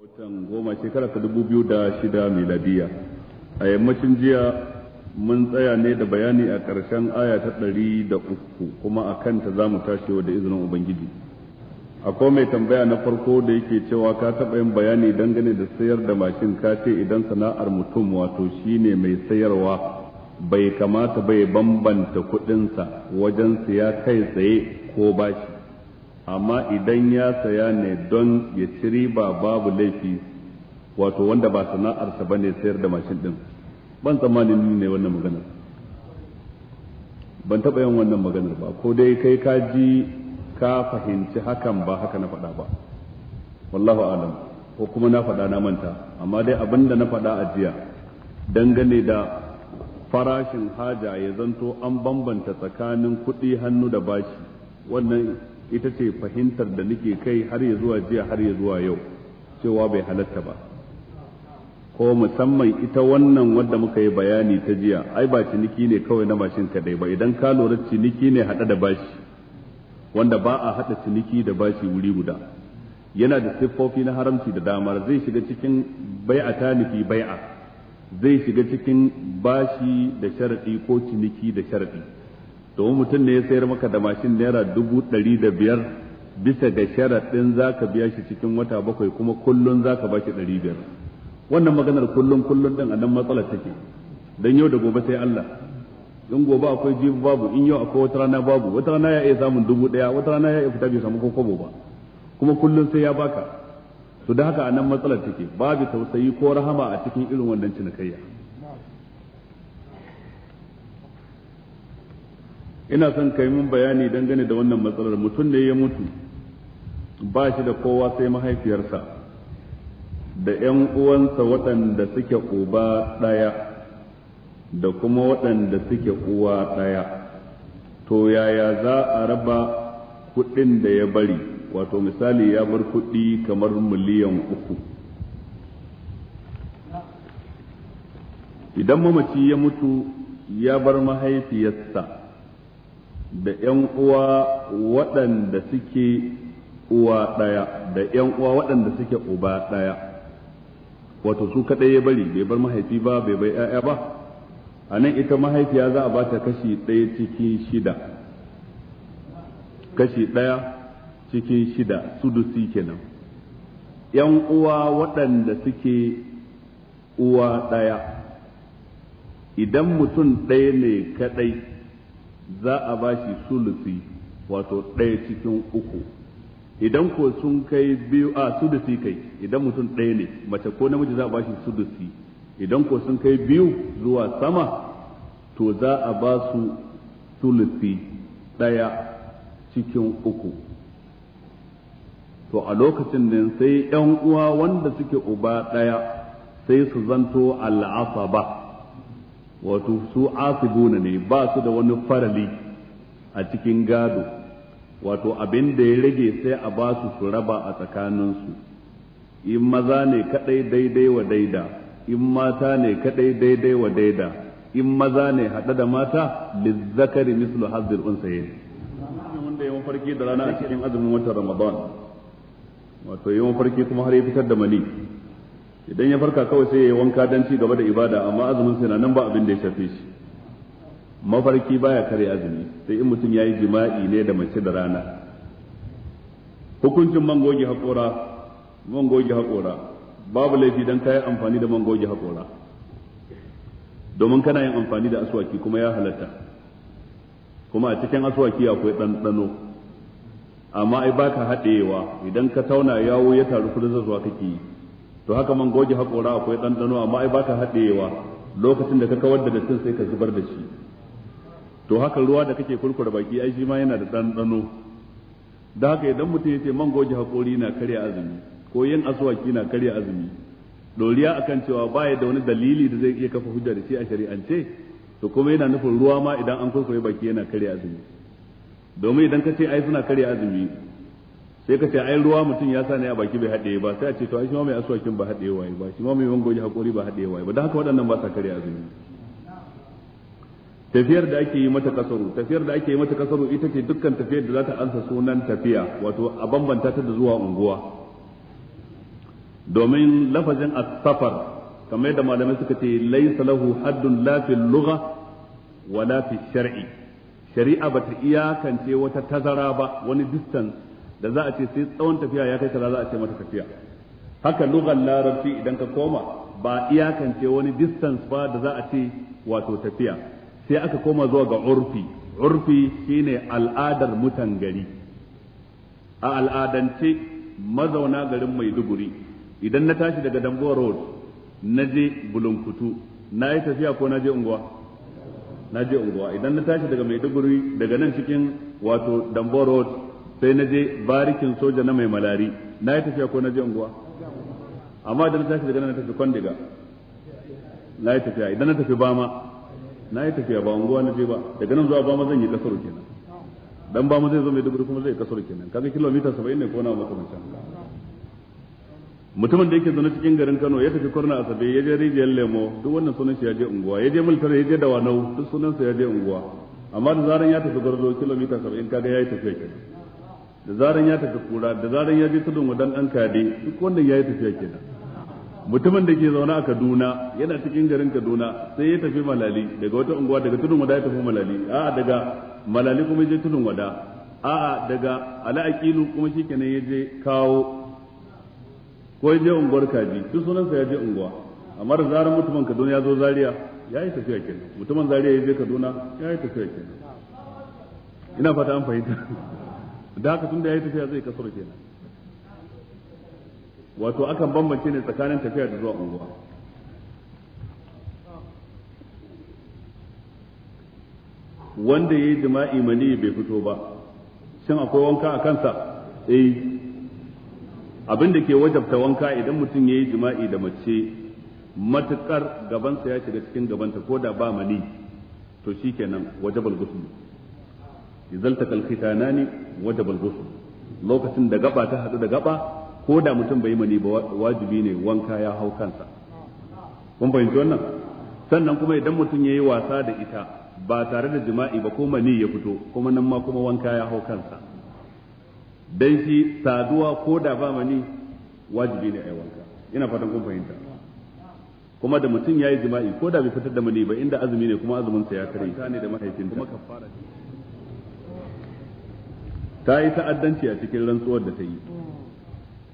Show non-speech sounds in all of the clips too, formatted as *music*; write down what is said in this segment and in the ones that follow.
watan goma shekara ta dubu biyu da shida miladiya a yammacin jiya mun tsaya ne da bayani a ƙarshen aya ta ɗari da uku kuma a kanta za mu tashi da izinin ubangiji akwai mai tambaya na farko da yake cewa ka taɓa yin bayani dangane da sayar da mashin ka ce idan sana'ar mutum wato shine mai sayarwa bai kamata bai bambanta kuɗinsa wajen siya kai tsaye ko bashi amma idan ya saya ne don ya ci riba babu laifi wato wanda ba sana'arsa ba ne sayar da mashin din ban tsammanin ni ne wannan maganar ban taɓa yin wannan maganar ba ko dai kai ka ji ka fahimci hakan ba haka na faɗa ba wallahu alam ko kuma na faɗa na manta amma dai abin da na faɗa a jiya dangane da farashin haja ya zanto an bambanta tsakanin kuɗi hannu da bashi wannan ita ce fahimtar da nake kai har ya zuwa jiya har ya zuwa yau cewa bai halatta ba ko musamman ita wannan wanda muka yi bayani ta jiya ai ba ciniki ne kawai na mashin kadai ba idan ka lura ciniki ne hada da bashi wanda ba a hada ciniki da bashi wuri guda yana da siffofi na haramci da dama zai shiga cikin bai'a tanifi bai'a zai shiga cikin bashi da sharadi ko ciniki da sharadi domin mutum ne ya sayar maka da mashin naira dubu ɗari da biyar bisa ga sharaɗin za ka biya shi cikin wata bakwai kuma kullum za ka ba shi ɗari biyar wannan maganar kullum kullum ɗin a nan matsalar take don yau da gobe sai Allah in gobe akwai jibi babu in yau akwai wata rana babu wata rana ya iya samun dubu ɗaya wata rana ya iya fita bai samu ko ba kuma kullum sai ya baka to da haka a nan matsalar take babu tausayi ko rahama a cikin irin wannan cinikayya ina son kai min bayani dangane da wannan matsalar mutum ne ya mutu ba shi da kowa sai mahaifiyarsa da 'yan uwansa waɗanda suke uba ɗaya da kuma waɗanda suke uwa ɗaya to yaya za a raba kuɗin da ya bari wato misali ya bar kuɗi kamar miliyan uku idan mamaci ya mutu ya bar mahaifiyarsa da ‘yan uwa waɗanda suke uwa ɗaya da ‘yan uwa waɗanda suke uba ɗaya wato su kaɗai ya bari bai bar mahaifi ba bai bai ‘ya'ya ba a nan ita mahaifiya za a ba ta kashi ɗaya cikin shida kashi ɗaya cikin shida sudusi kenan ‘yan uwa waɗanda suke uwa ɗaya idan mutum ɗaya ne kaɗai za a ba shi sulusi wato ɗaya cikin uku idan ko sun kai biyu a sulusi kai idan mutum ɗaya ne mace ko namiji za a ba shi sulusi idan ko sun kai biyu zuwa sama to za a ba su sulusi ɗaya cikin uku to a lokacin nan sai ‘yan uwa wanda suke uba ɗaya sai su zanto ba. wato su asibuna ne ba su da wani farali a cikin gado wato abin da ya rage sai a ba su su raba a tsakaninsu in maza ne kadai daidai wa daida in mata ne kadai daidai wa daida in maza ne haɗe da mata lizzakari mislu hazir unsayin wanda ya farki da rana a cikin azumin watan ramadan wato yawan farki kuma har ya fitar da mani idan ya farka kawai sai ya yi wanka don ci gaba da ibada amma azumin sai na nan ba abin da ya shafe shi mafarki baya kare azumi sai in mutum ya yi jima'i ne da mace da rana hukuncin man goge haƙora man babu laifi don ka yi amfani da man goge haƙora domin kana yin amfani da aswaki kuma ya halatta kuma a cikin aswaki akwai ɗanɗano amma ai baka haɗewa idan ka tauna yawo ya taru kudin zazzuwa kake yi to haka man goge hakora akwai ɗanɗano amma ai baka haɗewa lokacin da ka kawar da dattin sai ka zubar da shi to haka ruwa da kake kurkura baki ai shi ma yana da ɗanɗano da haka idan mutum ya ce man goge hakori na karya azumi ko yin aswaki na karya azumi doriya akan cewa baya da wani dalili da zai iya kafa hujja da shi a shari'ance to kuma yana nufin ruwa ma idan an kurkure baki yana karya azumi domin idan ka ce ai suna karya azumi sai ka ce ai ruwa mutum ya sa ne a baki bai haɗe ba sai a ce to ai shi ma mai aswakin ba haɗe waye ba shi ma mai wangoji hakori ba haɗe waye ba don haka waɗannan ba sa karya azumi tafiyar da ake yi mata kasaru tafiyar da ake yi mata kasaru ita ce dukkan tafiyar da za ta ansa sunan tafiya wato a bambanta ta da zuwa unguwa domin lafazin as-safar kamar yadda malamai suka ce laisa lahu haddun la fi lugha wala fi shar'i shari'a bata iyakance wata tazara ba wani distance da za a ce sai tsawon tafiya ya kai kaza za a ce mata tafiya haka lugan larabci idan ka koma ba iyakance wani distance ba da za a ce wato tafiya sai aka koma zuwa ga urfi urfi shine al'adar mutan gari a al'adance mazauna garin maiduguri idan na tashi daga dambuwa road na je bulunkutu na yi tafiya ko na je unguwa na unguwa idan na tashi daga maiduguri daga nan cikin wato dambuwa road sai na je barikin soja na mai malari na yi tafiya ko na je unguwa amma da na tashi daga na tafi kwandiga na yi tafiya idan na tafi bama na yi tafiya ba unguwa na je ba daga nan zuwa bama zan yi kasaro kenan dan bama zai zo mai dubu kuma zai kasaro kenan kaga kilomita 70 ne ko na makamancin mutumin da yake zaune cikin garin Kano ya tafi a Asabe ya je rijiyar Lemo duk wannan sunan shi ya je unguwa ya je Multare ya je Dawanau duk sunan sa ya je unguwa amma da zaran ya tafi Garzo kilomita 70 kaga yayi tafiya kenan da zaran ya tafi kura da zaran ya je tudun wadan ɗan kade duk wannan yayi tafiya kenan mutumin da ke zaune a Kaduna yana cikin garin Kaduna sai ya tafi Malali daga wata unguwa daga tudun wada ya tafi Malali a'a daga Malali kuma je tudun wada a'a daga Ala kuma shikenan ya je kawo ko ya je unguwar Kaji duk sunansa ya je unguwa amma da zaran mutumin Kaduna ya zo Zaria ya yi tafiya kenan mutumin Zaria ya je Kaduna ya yi tafiya kenan ina fata an fahimta da haka ya yayi tafiya zai kasar kenan wato akan bambance ne tsakanin tafiya da zuwa unguwa wanda yayi jima'i mani bai fito ba shin akwai wanka a kansa eh abin da ke wajabta wanka idan mutum ya yi jima'i da mace matuƙar gabansa ya shiga cikin gabanta ko da ba mani to shikenan wajabal ghusl idza takal khitanani wajen al lokacin da gaba ta hadu da gaba ko da mutum bai mani ba wajibi ne wanka ya hau kansa kun fahimci wannan sannan kuma idan mutum yayi wasa da ita ba tare da jima'i ba ko mani ya fito kuma nan ma kuma wanka ya hau kansa dan shi saduwa ko da ba mani wajibi ne ai wanka ina fatan kun fahimta kuma da mutum ya yi jima'i ko da bai fitar da mani ba inda azumi ne kuma azumin sa ya kare ne da mahaifinta ta yi ta'addanci a cikin rantsuwar da ta yi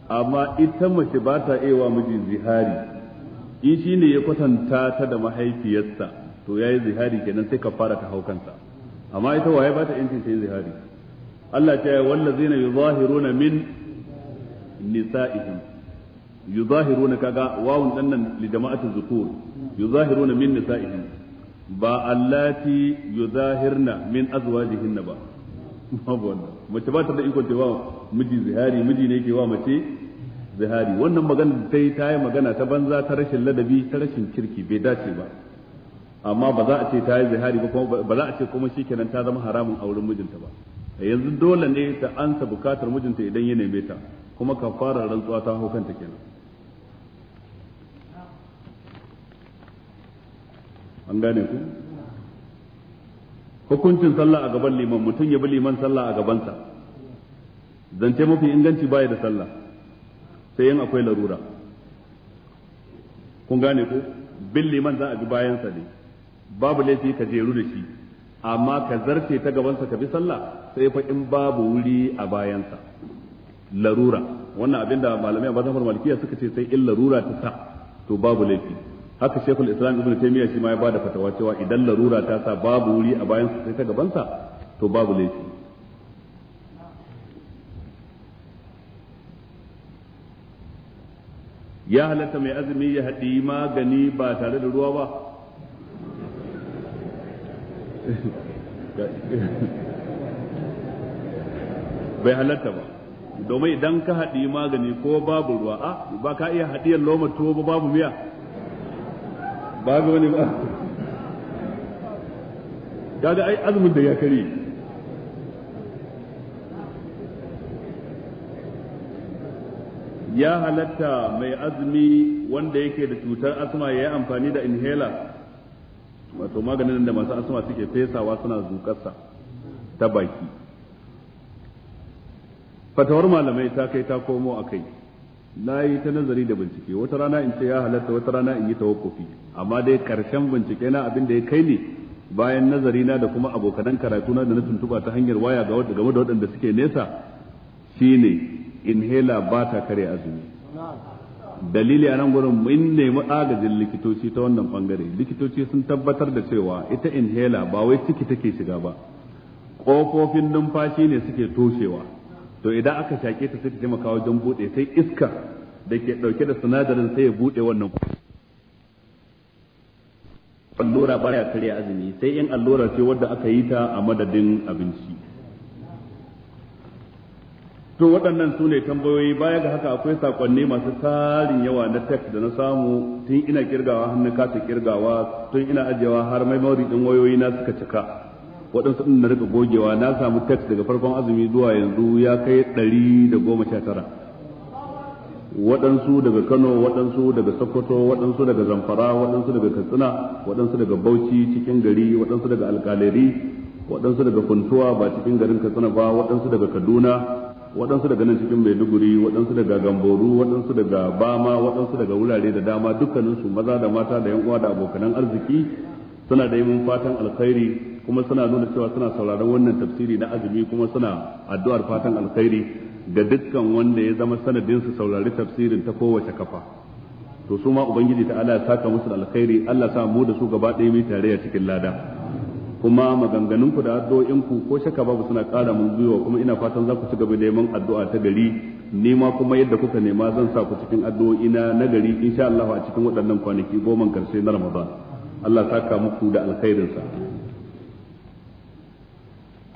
amma ita mace ba ta iya wa miji zihari in shi ne ya kwatanta ta da mahaifiyarsa to ya yi zihari kenan sai ka fara ta haukansa amma ita waye ba ta yancin ta yi zihari Allah ta yi zahiru na min nisa'ihim na kaga wawun dannan li jama'atul zukur na min nisa'ihim ba Allah allati yuzahirna min na ba babu wannan mace ba ta da ikon cewa miji zihari miji ne ke wa mace zihari wannan magana ta yi ta yi magana ta banza ta rashin ladabi ta rashin kirki bai dace ba amma ba za a ce ta yi zihari ba ba za a ce kuma shikenan ta zama haramun auren mijinta ba a yanzu dole ne ta ansa bukatar mijinta idan ya neme ta kuma kafara rantsuwa ta hau kanta kenan an gane ku hukuncin sallah a gaban liman mutum ya bi liman sallah a gabansa zance mafi inganci baya da sallah sai yin akwai larura kun gane ko bin liman za a bi bayansa ne babu laifi ka jeru da shi amma ka zarce ta gabansa ka bi sallah sai fa in babu wuri a bayansa larura wannan abinda malamai a mazhabar malikiya suka ce sai in larura ta sa to babu laifi haka shekul islam ibn taymiya shi ma ya bada fatawa cewa idan larura ta sa babu wuri a bayan sai ta gabansa to babu laifi ya halatta mai azumi ya haɗi magani ba tare da ruwa ba *laughs* bai halatta ba domin idan ka haɗi magani ko babu ruwa a ba ka iya haɗiyar lomato tuwo ba babu miya ba ga wani ba da ai azumin da ya kare ya halatta mai azumi wanda yake da cutar asma ya yi amfani da inhaler wato maganin da masu asma suke fesawa suna zukarsa ta baki fatawar malamai ta kai ta komo a kai na yi ta nazari da bincike wata rana in ce ya halatta wata rana in yi ta tawakkufi amma dai karshen bincike na abin da ya kai ne bayan nazari na da kuma abokanan karatu na da na tuntuba ta hanyar waya ga wanda game da waɗanda suke nesa shine inhaler ba ta kare azumi dalili a nan gurin in nemi agajin likitoci ta wannan bangare likitoci sun tabbatar da cewa ita inhaler ba wai ciki take shiga ba kofofin numfashi ne suke toshewa to idan aka shaƙe ta sai ta taimaka wajen buɗe, sai iska da ke ɗauke da sinadarin sai ya buɗe wannan allura baya karya azumi sai in allura ce wadda aka yi ta a madadin abinci to waɗannan su ne tambayoyi baya ga haka akwai sakonni masu tarin yawa na tek da na samu tun ina kirgawa hannun kasa kirgawa tun ina ajiyewa har memory ɗin wayoyi na suka cika waɗansu ɗin na rika gogewa na samu text daga farkon azumi zuwa yanzu ya kai ɗari da goma sha tara waɗansu daga kano waɗansu daga sokoto waɗansu daga zamfara waɗansu daga katsina waɗansu daga bauchi cikin gari waɗansu daga alƙalari waɗansu daga funtuwa ba cikin garin katsina ba waɗansu daga kaduna waɗansu daga nan cikin maiduguri waɗansu daga gamboru waɗansu daga bama waɗansu daga wurare da dama dukkaninsu maza da mata da yan uwa da abokanan arziki suna da yi mun fatan alkhairi kuma suna nuna cewa suna sauraron wannan tafsiri na azumi kuma suna addu'ar fatan alkhairi ga dukkan wanda ya zama sanadin su saurari tafsirin ta kowace kafa to su ma ubangiji ta Allah ya saka musu alkhairi Allah sa mu da su gaba ɗaya mu tare a cikin lada kuma maganganun ku da addu'o'in ku ko shakka babu suna ƙara mun gwiwa kuma ina fatan za ku ci gaba da neman addu'a ta gari ni ma kuma yadda kuka nema zan sa ku cikin addu'o'i na gari insha Allah a cikin waɗannan kwanaki goma karshe na Ramadan Allah saka muku da alkhairinsa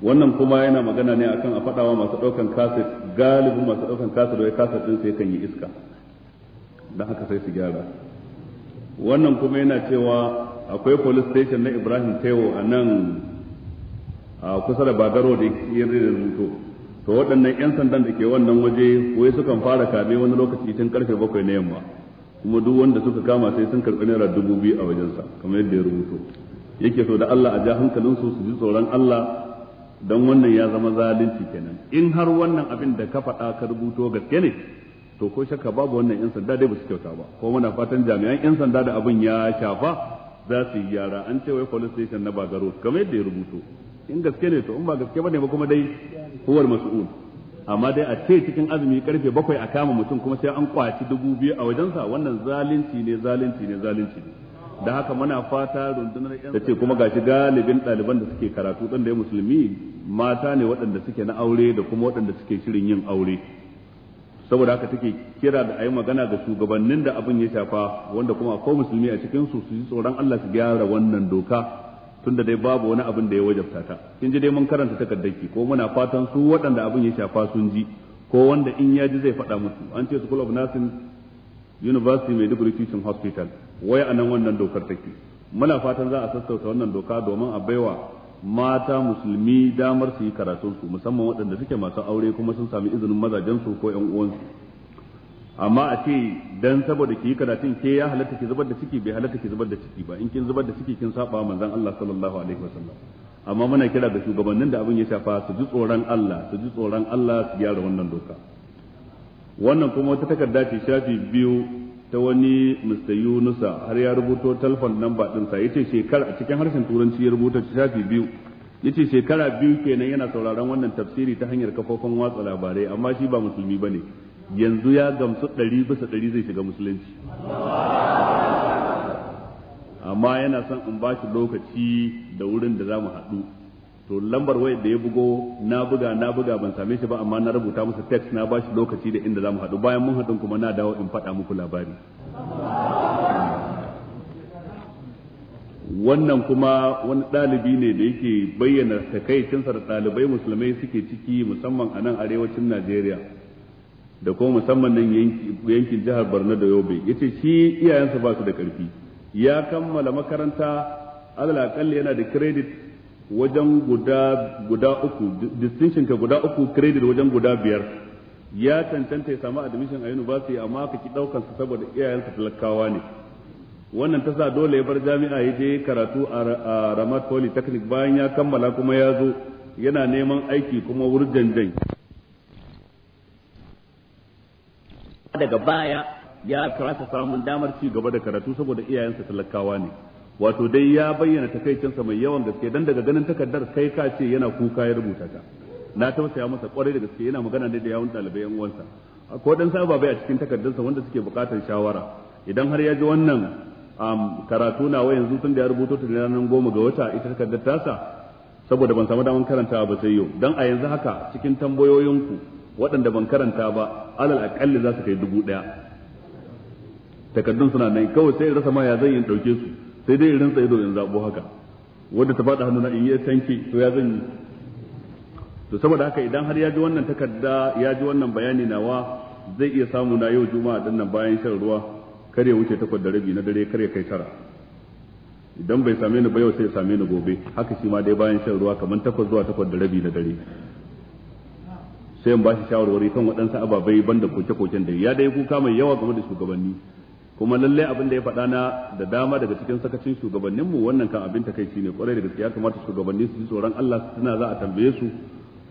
wannan kuma yana magana ne akan a faɗawa masu daukan kaset galibin masu daukan kaset wai kaset sai yakan yi iska don haka sai su gyara wannan kuma yana cewa akwai police station na ibrahim taiwo a nan a kusa da bagaro da ya rubuto to waɗannan 'yan sandan da ke wannan waje wai sukan fara kame wani lokaci tun karfe bakwai na yamma kuma duk wanda suka kama sai sun karɓi naira dubu biyu a wajensa kamar yadda ya rubuto yake so da allah a ja hankalinsu su ji tsoron allah don wannan ya zama zalunci kenan in har wannan abin da ka faɗa ka rubuto gaske ne to ko shakka babu wannan yan sanda dai ba su kyauta ba ko muna fatan jami'an yan sanda da abin ya shafa za su yi gyara an ce wai police station na bagaro kamar yadda ya rubuto in gaske ne to in ba gaske bane ba kuma dai huwar mas'ul amma dai a ce cikin azumi karfe bakwai a kama mutum kuma sai an kwaci dubu biyu a wajensa wannan zalunci ne zalunci ne zalunci ne da haka muna fata rundunar yan tace kuma gashi galibin daliban da suke karatu ɗin da musulmi mata ne waɗanda suke na aure da kuma waɗanda suke shirin yin aure saboda haka take kira da ayi magana ga shugabannin da abin ya shafa wanda kuma akwai musulmi a cikin su su ji tsoron Allah su gyara wannan doka tunda dai babu wani abin da ya wajabta ta kin ji dai mun karanta ki ko muna fatan su waɗanda abin ya shafa sun ji ko wanda in ya ji zai faɗa musu an ce school of nursing university maiduguri teaching hospital wai anan wannan dokar take muna fatan za a sassauta wannan doka domin a baiwa mata musulmi damar su yi karatun su musamman waɗanda suke masu aure kuma sun sami izinin mazajen su ko ƴan uwansu amma a ce dan saboda ki yi karatun ke ya halatta ki zubar da ciki bai halatta ki zubar da ciki ba in kin zubar da ciki kin saba manzon Allah sallallahu alaihi wasallam amma muna kira ga shugabannin da abin ya shafa su ji tsoron Allah su ji tsoron Allah su gyara wannan doka wannan kuma wata takarda ce shafi biyu ta wani Mr. Yunusa har ya rubuto telefon namba ɗinsa sa ce shekara a cikin harshen turanci ya rubuta shafi biyu ya ce shekara biyu kenan yana sauraron wannan tafsiri ta hanyar kafofin watsa labarai amma shi ba musulmi ba ne yanzu ya gamsu ɗari bisa ɗari zai shiga musulunci amma yana son in ba shi lokaci da wurin da za mu haɗu to lambar waya da ya bugo na buga na buga ban same shi ba amma na rubuta masa text na ba shi lokaci da inda zamu hadu bayan mun hadu kuma na dawo in faɗa muku labari wannan kuma wani ɗalibi ne da yake bayyana takaicinsa da ɗalibai musulmai suke ciki musamman a nan arewacin najeriya da kuma musamman nan yankin jihar borno da yobe ya ce shi iyayensa ba su da ƙarfi ya kammala makaranta alal yana da credit. wajen guda guda uku distinction ka guda uku credit wajen guda biyar ya cancanta ya samu admission a university amma ka ki daukan su saboda iyayensa talakawa ne wannan ta sa dole ya bar jami'a ya je karatu a Ramat Polytechnic bayan ya kammala kuma ya zo yana neman aiki kuma wurjan jan daga baya ya kasa samun damar ci gaba da karatu saboda iyayensa talakawa ne wato dai ya bayyana takaicinsa mai yawan gaske dan daga ganin takardar kai ka ce yana kuka ya rubuta ta na tausaya masa kwarai da gaske yana magana ne da yawun ɗalibai yan uwansa ko dan saba babai a cikin takardarsa wanda suke buƙatar shawara idan har ya ji wannan karatu na wa yanzu tun da ya rubuto ta ranar goma ga wata ita takardar tasa saboda ban samu daman karanta ba sai yau dan a yanzu haka cikin tambayoyinku waɗanda ban karanta ba alal aƙalli za su kai dubu ɗaya takardun suna nan kawai sai rasa ma ya zan yi ɗauke su sai dai irin tsaye in zabo haka wanda ta faɗa hannuna in yi tanki to ya zan yi to saboda haka idan har ya ji wannan takarda ya wannan bayani nawa zai iya samu na yau juma'a din nan bayan shan ruwa kar ya wuce takwas da rabi na dare kar ya kai tara idan bai same ni ba yau sai ya same ni gobe haka shi ma dai bayan shan ruwa kamar takwas zuwa takwas da rabi na dare sai in ba shi shawarwari kan waɗansu ababai banda koke-koken da ya dai kuka mai yawa game da shugabanni kuma lallai abin da ya faɗa na da dama daga cikin sakacin shugabanninmu wannan kan abin ta kai ne kwarai da gaske ya kamata shugabanni su ji tsoron Allah suna za a tambaye su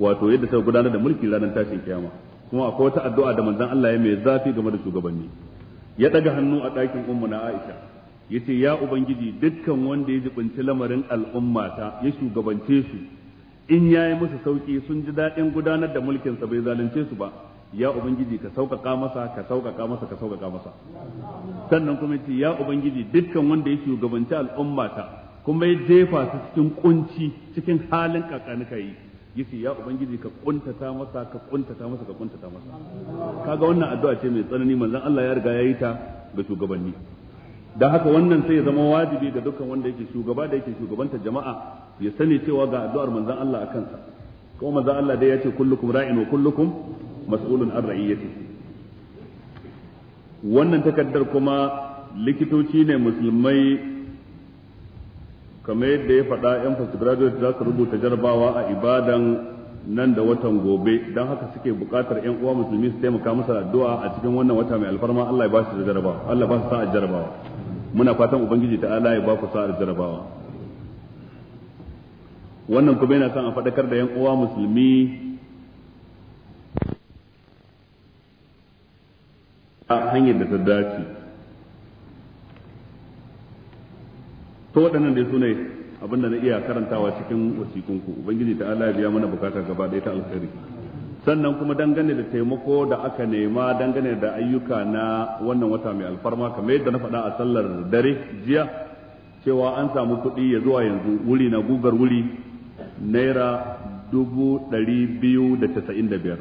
wato yadda ta gudanar da mulki ranar tashin kiyama kuma akwai wata addu'a da manzon Allah ya mai zafi game da shugabanni ya daga hannu a ɗakin ummu na Aisha yace ya ubangiji dukkan wanda ya jibinci lamarin al'ummata ya shugabance su in yayi musu sauki sun ji daɗin gudanar da mulkin sa bai zalunce su ba ya ubangiji ka sauƙaƙa masa ka sauƙaƙa masa ka sauƙaƙa masa sannan kuma ce ya ubangiji dukkan wanda ya shugabanci al'ummata kuma ya jefa su cikin kunci cikin halin ka yi yace ya ubangiji ka kuntata masa ka kuntata masa ka kuntata masa kaga wannan addu'a ce mai tsanani manzon Allah ya riga yayi ta ga shugabanni dan haka wannan sai ya zama wajibi ga dukkan wanda yake shugaba da yake shugabanta jama'a ya sani cewa ga addu'ar manzon Allah a kansa kuma manzon Allah dai ya ce kullukum ra'in wa kullukum mas'ulun an ra'iyyati wannan takardar kuma likitoci ne musulmai kamar yadda ya faɗa yan postgraduate za su rubuta jarabawa a ibadan nan da watan gobe don haka suke buƙatar yan uwa musulmi su taimaka musu addu'a a cikin wannan wata mai alfarma Allah ya ba su jarabawa Allah ba su sa'a jarabawa muna fatan ubangiji ta Allah ya ba ku sa'a jarabawa wannan kuma yana son a faɗakar da yan uwa musulmi a hanyar da ta dace to waɗannan dai su ne abinda na iya karantawa cikin wasikunku ubangiji ta Allah ya biya mana bukata gaba ɗaya ta alkhairi sannan kuma dangane da taimako da aka nema dangane da ayyuka na wannan wata mai alfarma kamar yadda na faɗa a sallar dare jiya cewa an samu kuɗi ya zuwa yanzu wuri na gugar wuri naira dubu ɗari biyu da casa'in da biyar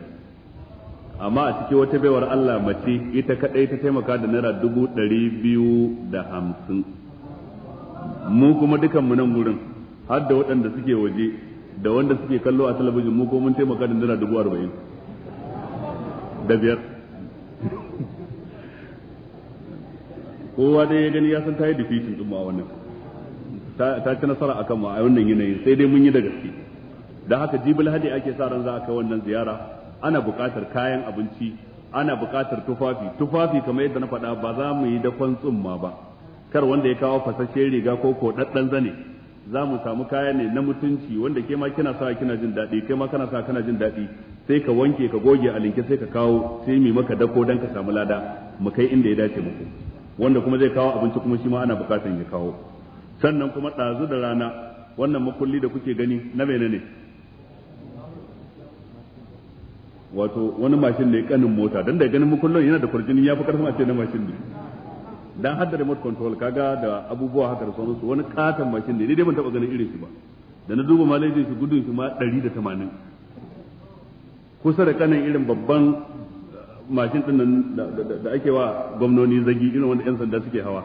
amma a cikin wata baiwar Allah mace ita kadai ta taimaka da naira dubu ɗari biyu da hamsin mu kuma dukan mu nan gurin har da waɗanda suke waje da wanda suke kallo a talabijin mu kuma mun taimaka da naira dubu arba'in da biyar kowa dai ya gani ya san ta yi difishin ɗin a wannan ta ci nasara a ma a wannan yanayin sai dai mun yi da gaske da haka jibil hadi ake sa ran za a kai wannan ziyara ana buƙatar kayan abinci ana buƙatar tufafi tufafi kamar yadda na faɗa ba za mu yi dakon tsumma ba kar wanda ya kawo fasashen riga ko ko ɗaɗɗan zane za mu samu kaya ne na mutunci wanda ke ma kina sa kina jin daɗi kai ma kana sa kana jin daɗi sai ka wanke ka goge a linke sai ka kawo sai mai maka dako dan ka samu lada mu kai inda ya dace muku wanda kuma zai kawo abinci kuma shi ma ana buƙatar ya kawo sannan kuma ɗazu da rana wannan makulli da kuke gani na menene ne wato wani mashin ne kanin mota dan da ganin mukullon yana da kurjini ya fi karfin a ce na mashin ne dan hadda remote control kaga da abubuwa haka da sauransu wani katon mashin ne ni dai ban taba ganin irin shi ba da na duba malejin shi gudun shi ma 180 kusa da kanin irin babban uh, mashin din nan da ake wa gwamnoni zagi irin wanda yan sanda suke hawa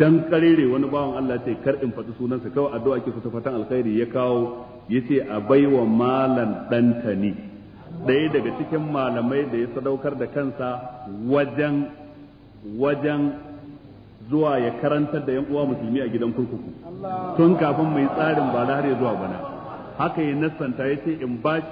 dan karere wani bawan Allah ce kar in faɗi sunansa kawai addu'a ake fata fatan alkhairi ya kawo yace a baiwa malan dantani ɗaya daga cikin malamai da ya sadaukar da kansa wajen wajen zuwa ya karantar da yan uwa musulmi a gidan kurkuku tun kafin mai tsarin ba har ya zuwa bana haka ya nassanta ya ce in baki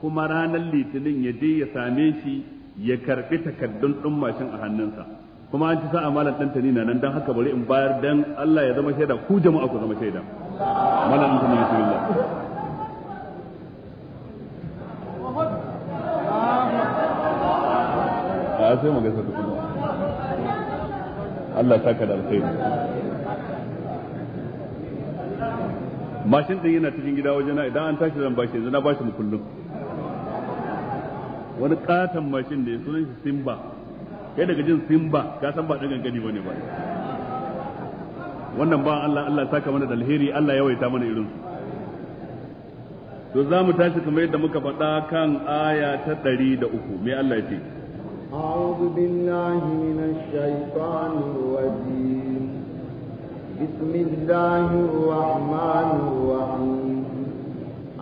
kuma ranar litinin ya je ya same shi ya karbi takardun ɗin mashin a hannunsa kuma an ci sa'a malam ɗan tani na nan don haka bari in bayar dan Allah ya zama shaida ku jama'a ku zama shaida a sai mu gaisa tukuna Allah saka da alkhairi mashin din yana cikin gida wajena idan an tashi zan bashi yanzu na bashi mu kullum wani katon mashin da ya sunan shi Simba kai daga jin Simba ka san ba dan gangani bane ba wannan ba Allah Allah saka mana da alheri Allah yawaita mana irin to za mu tashi kamar yadda muka faɗa kan aya ta ɗari da uku me Allah ya ce أعوذ بالله من الشيطان الرجيم بسم الله الرحمن الرحيم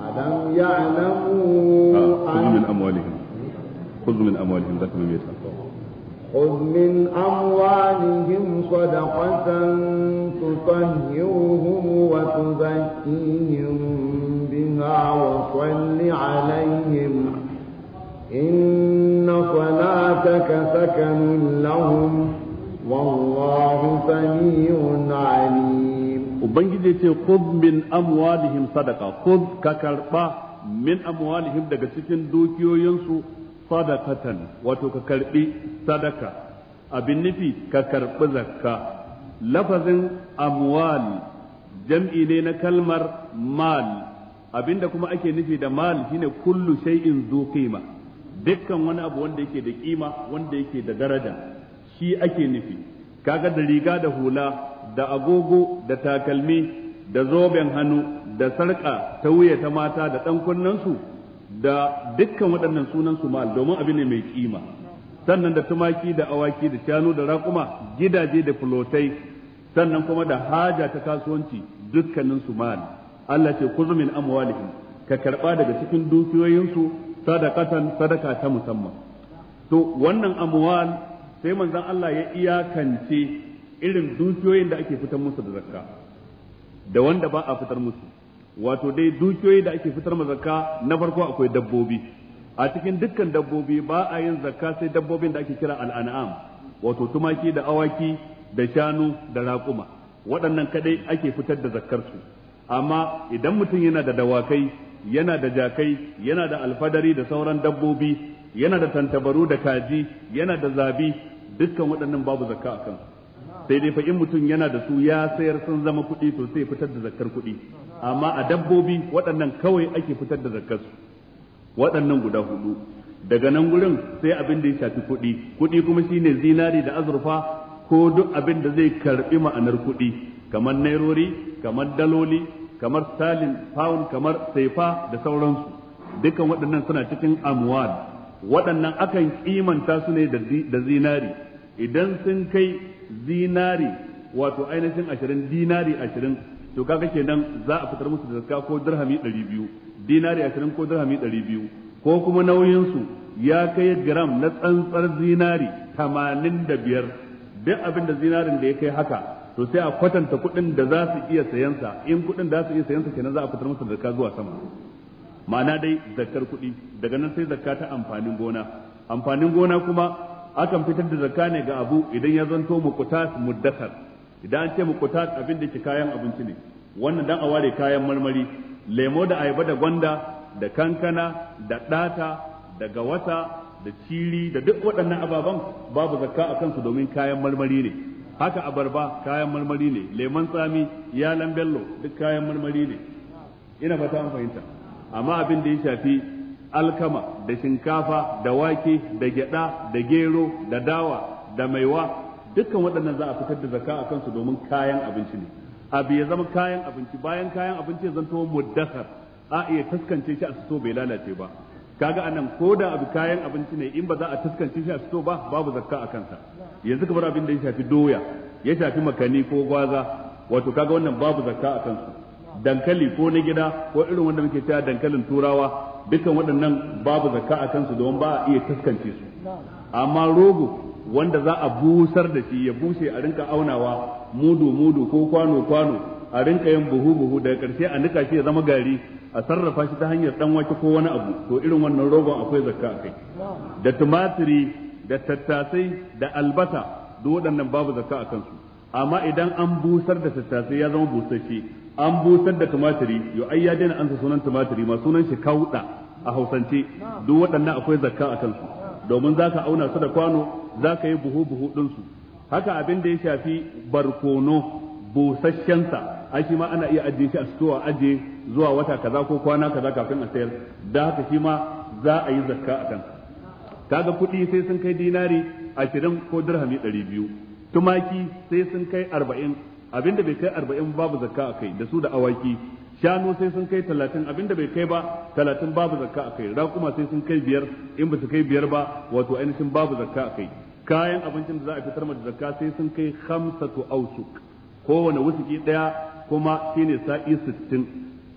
ألم يعلموا خذ من أموالهم خذ من أموالهم ذاك من خذ من أموالهم صدقة تطهرهم وتزكيهم بها وصل عليهم إن صلاتك سكن لهم والله سميع عليم وبنجي تي خذ من اموالهم صدقه خذ ككربا من daga cikin dukiyoyinsu sadaqatan wato ka karbi sadaka abin nufi ka karbi zakka lafazin amwal jam'i ne na kalmar mal da kuma ake nufi da mal shine kullu in zo qima dukkan wani abu wanda yake da kima wanda yake da daraja shi ake nufi kaga da riga da hula da agogo da takalmi da zoben hannu da sarƙa ta wuya ta mata da dan kunnensu da dukkan waɗannan sunan su mal domin abin ne mai kima sannan da tumaki da awaki da shanu da raƙuma gidaje da fulotai sannan kuma da haja ta kasuwanci dukkanin su mal Allah ce kuzumin min amwalihim ka karɓa daga cikin dukiyoyinsu sadaqatan sadaka ta musamman to wannan amwal sai manzon Allah ya iyakance irin dukiyoyin da ake fitar musu da zakka da wanda ba a fitar musu wato dai dukiyoyi da ake fitar zakka na farko akwai dabbobi a cikin dukkan dabbobi ba a yin zakka sai dabbobin da ake kira al'an'am wato tumaki da awaki da shanu da raƙuma waɗannan kadai ake fitar da zakkarsu amma idan mutum yana da dawakai yana da jakai yana da alfadari da sauran dabbobi yana da tantabaru da kaji yana da zabi dukkan waɗannan babu zakka a kan sai dai fa mutum yana da su ya sayar sun zama kuɗi to sai fitar da zakkar kuɗi amma a dabbobi waɗannan kawai ake fitar da zakkar su waɗannan guda hudu daga nan gurin sai abin da ya shafi kuɗi kuɗi kuma shine zinari da azurfa ko duk abin da zai karɓi ma'anar kuɗi kamar nairori kamar daloli kamar salin pound kamar saifa da sauransu dukan waɗannan suna cikin amwal waɗannan akan kimanta su ne da zinari idan sun kai zinari wato ainihin ashirin dinari ashirin to kaga kenan za a fitar musu da zakka ko dirhami ɗari biyu dinari ashirin ko dirhami ɗari biyu ko kuma nauyinsu ya kai gram na tsantsar zinari tamanin da biyar duk abin da zinarin da ya kai haka to sai a kwatanta kuɗin da za su iya sayan sa in kuɗin da za su iya sayan sa kenan za a fitar musu zakka zuwa sama ma'ana dai zakkar kuɗi daga nan sai zakka ta amfanin gona amfanin gona kuma akan fitar da zakka ne ga abu idan ya zanto mu muqtas muddakar idan an ce mu muqtas abin da ke kayan abinci ne wannan dan a ware kayan marmari lemo da ayaba da gwanda da kankana da ɗata da gawata da ciri da duk waɗannan ababen babu zakka a kansu domin kayan marmari ne haka abarba kayan marmari ne lemon tsami ya bello duk kayan marmari ne ina fata an fahimta amma abin da ya shafi alkama da shinkafa da wake da gyada da gero da dawa da maiwa dukkan waɗannan za a fitar da zaka a kansu domin kayan abinci ne abu ya zama kayan abinci bayan kayan abinci ya zanto muddakar a iya taskance shi a sito bai lalace ba kaga anan ko da abu kayan abinci ne in ba za a taskance shi a fito ba babu zakka a kansa yanzu kamar abin da ya shafi doya ya shafi makani ko gwaza wato kaga wannan babu zakka a kansu dankali ko na gida ko irin wanda muke cewa dankalin turawa dukkan waɗannan babu zakka a kansu don ba a iya taskance su amma rogo wanda za a busar da shi ya bushe a rinka aunawa mudu mudu ko kwano kwano a rinka yin buhu buhu daga ƙarshe a nika shi ya zama gari a sarrafa shi ta hanyar dan wake ko wani abu to irin wannan rogon akwai zakka akai da tumatiri da tattasai da albasa duk waɗannan babu zakka a kansu. amma idan an busar da tattasai ya zama busasshe an busar da tumatiri yo ai ya daina ansa sunan tumatiri ma sunan shi kauda a hausance duk waɗannan akwai zakka akan su domin zaka auna su da kwano zaka yi buhu buhu din su haka abin da ya shafi barkono busasshensa ai shi ma ana iya ajiye shi a stowa ajiye zuwa wata kaza ko kwana kaza kafin a sayar da haka shi ma za a yi zakka a kan kaga kuɗi sai sun kai dinari ashirin ko dirhami ɗari biyu tumaki sai sun kai arba'in abinda bai kai arba'in babu zakka a kai da su da awaki shanu sai sun kai talatin abinda bai kai ba talatin babu zakka a kai raƙuma sai sun kai biyar in ba su kai biyar ba wato ainihin babu zakka a kai kayan abincin da za a fitar mata zakka sai sun kai hamsatu ausuk kowane wusuki ɗaya kuma shine sa'i sittin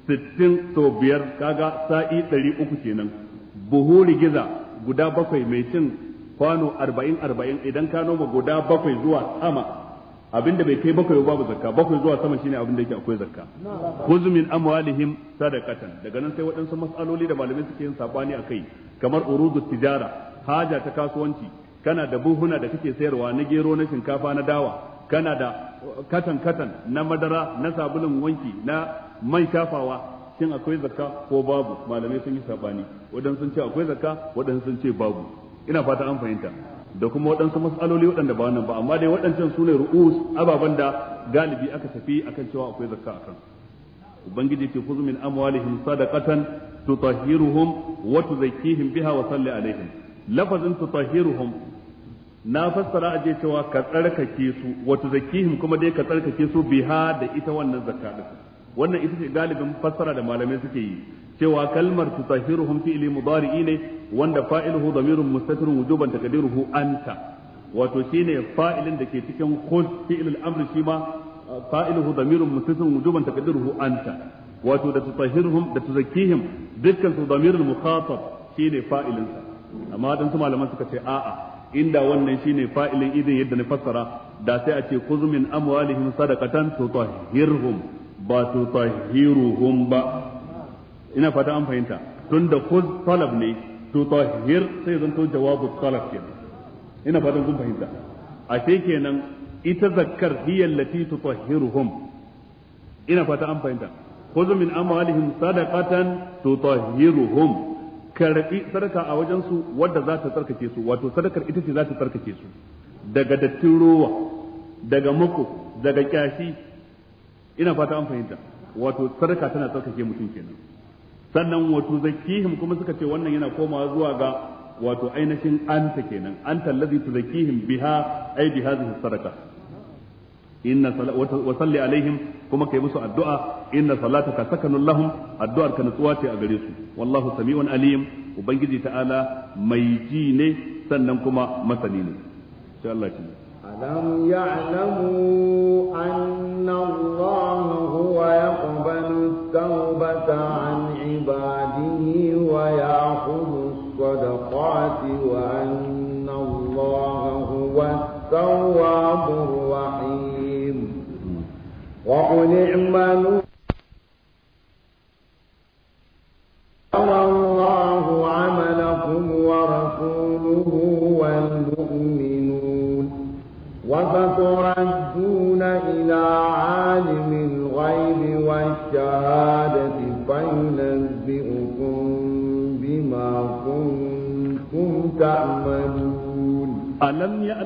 sittin sau biyar kaga sa'i ɗari uku kenan buhuri giza guda bakwai mai cin kwano arba'in arba'in idan ka noma guda bakwai zuwa sama abinda bai kai bakwai babu zakka bakwai zuwa sama shine abin da yake akwai zakka khudh min amwalihim sadaqatan daga nan sai waɗansu matsaloli da malamai suke yin sabani akai kamar urudu tijara haja ta kasuwanci kana da buhuna da kake sayarwa na gero na shinkafa na dawa kana da katan katan na madara na sabulun wanki na Mai shafawa shin akwai zakka ko babu malamai sun yi sabani waɗansu sun ce akwai zakka waɗansu sun ce babu ina fata an fahimta da kuma waɗansu matsaloli waɗanda ba wannan ba amma dai waɗancan su ne ru'us ababen da galibi aka tafi akan cewa akwai zakka akan ubangiji ce kuzu min amwalihim sadaqatan tutahhiruhum wa tuzakkihim biha wa salli alaihim lafazin tutahhiruhum na fassara aje cewa ka tsarkake su wa tuzakkihim kuma dai ka tsarkake su biha da ita wannan zakka din wannan ita ce galibin fassara da malamai suke yi cewa kalmar tutahiruhum fi'li mudari'i ne wanda fa'iluhu damirun mustatirun wujuban takdiruhu anta wato shine fa'ilin da ke cikin khud fi'lul amr shi ma fa'iluhu damirun mustatirun wujuban takdiruhu anta wato da tutahiruhum da tuzakkihim dukkan su damirul mukhatab shine fa'ilin sa amma dan su malaman suka ce a'a inda wannan shine fa'ilin idan yadda na fassara da sai a ce kuzumin amwalihim sadaqatan tutahhirhum ba su tahiruhum ba ina fata an fahimta tun da kuz talab ne to tahir sai to jawabu talab kenan ina fatan kun fahimta ashe kenan ita zakkar hiya allati tutahhiruhum ina fata an fahimta khudh min amwalihim sadaqatan tutahhiruhum karbi sadaka a wajen su wadda za ta tsarkake su wato sadakar ita ce za ta tsarkake su daga dattin ruwa daga muku daga kyashi ina fata an fahimta wato sadaka tana tsarkake mutum kenan sannan wato zakihim kuma suka ce wannan yana komawa zuwa ga wato ainihin anta kenan anta allazi tuzakkihim biha ai bi hadhihi sadaka inna wa salli alaihim kuma kai musu addu'a inna salataka sakanun lahum addu'ar ka nutsuwa ce a gare su wallahu sami'un alim ubangiji ta'ala mai ji ne sannan kuma masani ne sai Allah ya ألم يعلموا أن الله هو يقبل التوبة عن عباده ويأخذ الصدقات وأن الله هو التواب الرحيم وقل اعملوا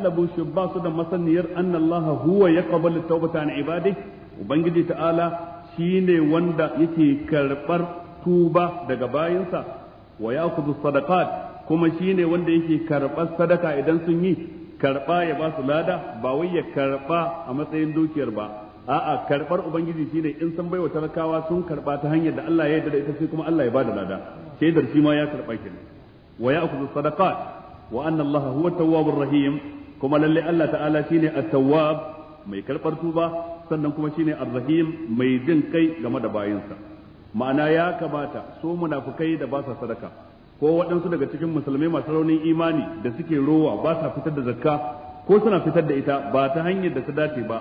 ta'labu shi ba su da masaniyar anna Allah huwa yaqbalu tawbata an ibadihi ubangiji ta'ala shine wanda yake karbar tuba daga bayansa wa ya'khudhu sadaqat kuma shine wanda yake karbar sadaka idan sun yi karba ya ba su lada ba wai ya karba a matsayin dukiyar ba a'a karbar ubangiji shine in san baiwa talakawa sun karba ta hanyar da Allah ya yarda da ita sai kuma Allah ya bada lada shaidar shi ma ya karba kenan wa ya'khudhu sadaqat wa anna Allah huwa rahim kuma lalle Allah ta'ala shine at-tawwab mai karbar tuba sannan kuma shine ar-rahim mai jin kai game da bayinsa ma'ana ya kamata so munafukai da ba sa sadaka ko waɗansu daga cikin musulmai masu raunin imani da suke rowa ba sa fitar da zakka ko suna fitar da ita ba ta hanyar da ta dace ba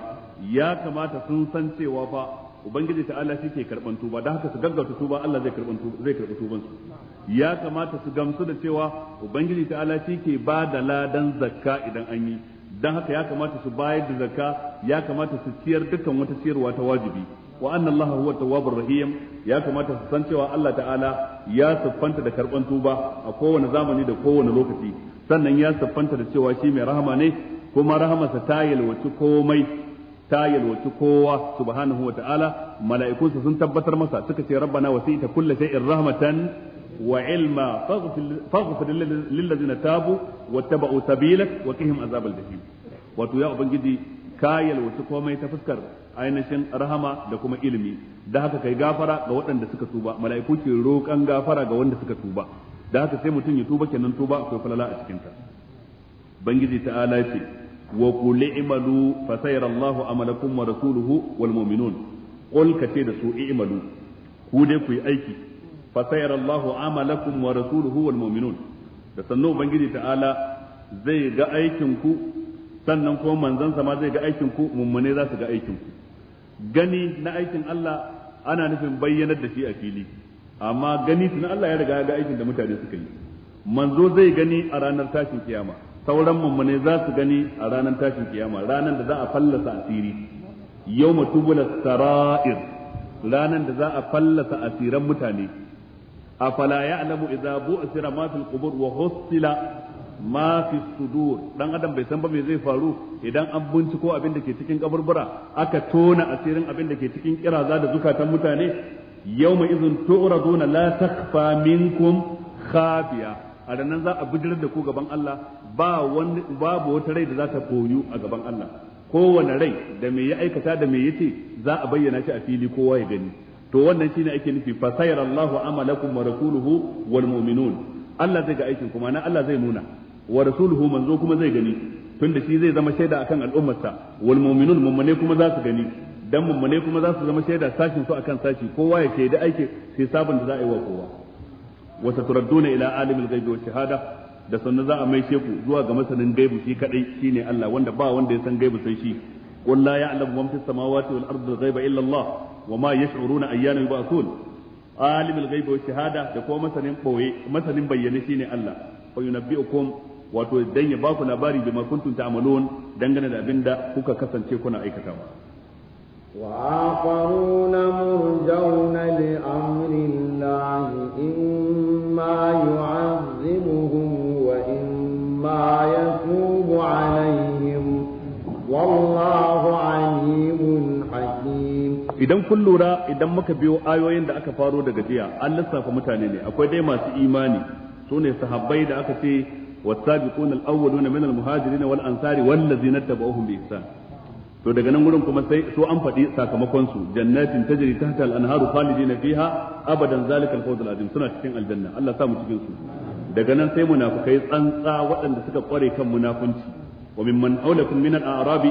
ya kamata sun san cewa fa ubangiji ta Allah ke karban tuba dan haka su gaggauta tuba Allah zai karban tuba zai karbi tuban su ya kamata su gamsu da cewa ubangiji ta Allah ke ba da ladan zakka idan an yi dan haka ya kamata su bayar da zakka ya kamata su ciyar dukkan wata ciyarwa ta wajibi wa anna Allah huwa tawwabur rahim ya kamata su san cewa Allah ta'ala ya siffanta da karban tuba a kowane zamani da kowane lokaci sannan ya siffanta da cewa shi mai rahama ne kuma rahamarsa ta yalwaci komai ta yalwaci kowa subhanahu wa ta'ala mala'ikunsa sun tabbatar masa suka ce rabbana wasita kulla shay'in rahmatan wa ilma faghfir lil ladzina tabu wattaba'u sabilak wa qihim azabal jahim wato ya ubangiji ka yalwaci komai ta fuskar ainihin rahama da kuma ilimi da haka kai gafara ga waɗanda suka tuba mala'iku ke roƙan gafara ga wanda suka tuba da haka sai mutum ya tuba kenan tuba akwai falala a cikinta bangiji ta'ala ce wa qul i'malu fa sayara Allahu amalakum wa rasuluhu wal mu'minun qul kace da su i'malu ku dai ku yi aiki fa sayara Allahu amalakum wa rasuluhu wal mu'minun da sannan ubangiji ta'ala zai ga aikin ku sannan kuma manzansa ma zai ga aikin ku mummune za su ga aikin ku gani na aikin Allah ana nufin bayyanar da shi a fili amma gani tunan Allah ya riga ya ga aikin da mutane suka yi manzo zai gani a ranar tashin kiyama sauran mummune za su gani a ranar tashin kiyama ranar da za a fallasa asiri yawma tubula sara'ir ranar da za a fallasa asiran mutane a ya alamu idza asira ma fil qubur wa husila ma fi sudur dan adam bai san ba me zai faru idan an ko abin da ke cikin kaburbura aka tona asirin abin da ke cikin kiraza da zukatan mutane yawma idzun tu'raduna la takfa minkum khafiya a nan za a bijirar da ku gaban Allah ba wani babu wata rai da za ta koyu a gaban Allah kowane rai da me ya aikata da me yace za a bayyana shi a fili kowa ya gani to wannan shine ake nufi fa sayarallahu amalakum wa rasuluhu wal mu'minun Allah zai ga aikin kuma na Allah zai nuna wa rasuluhu manzo kuma zai gani tunda shi zai zama shaida akan al'ummarsa wal mu'minun mummune kuma za su gani dan mummune kuma za su zama shaida sashin su akan sashi kowa ya ke da aikin sai sabon da za a yi wa kowa wa saturadduna ila alimil ghaibi wa shahada da sannan za a maishe ku zuwa ga masanin gaibu shi kadai shine Allah wanda ba wanda ya san gaibu sai shi qul la ya'lamu man fis samawati wal ardi ghaiba illa Allah wa ma yash'uruna ayyana yub'athun alimul ghaibi wa shahada da kuma masanin boye masanin bayyane shine Allah fa yunabbi'ukum wato dan ya baku labari bima kuntum ta'malun dangane da abinda kuka kasance kuna aikatawa وآخرون مرجون لأمر الله إما يعاقبون idan kun lura idan muka biyo ayoyin da aka faro daga jiya an lissafa mutane ne akwai dai masu imani su ne sahabbai da aka ce والسابقون الأولون من المهاجرين والأنصار والذين اتبعوهم بإحسان to daga nan gurin kuma sai so an faɗi sakamakon su jannatin tajri tahta al-anharu khalidina fiha abadan zalika al-fawz al-azim suna cikin aljanna Allah sa mu cikin su daga nan sai munafikai tsantsa waɗanda suka kware kan munafunci wa mimman aulakum min al-a'rabi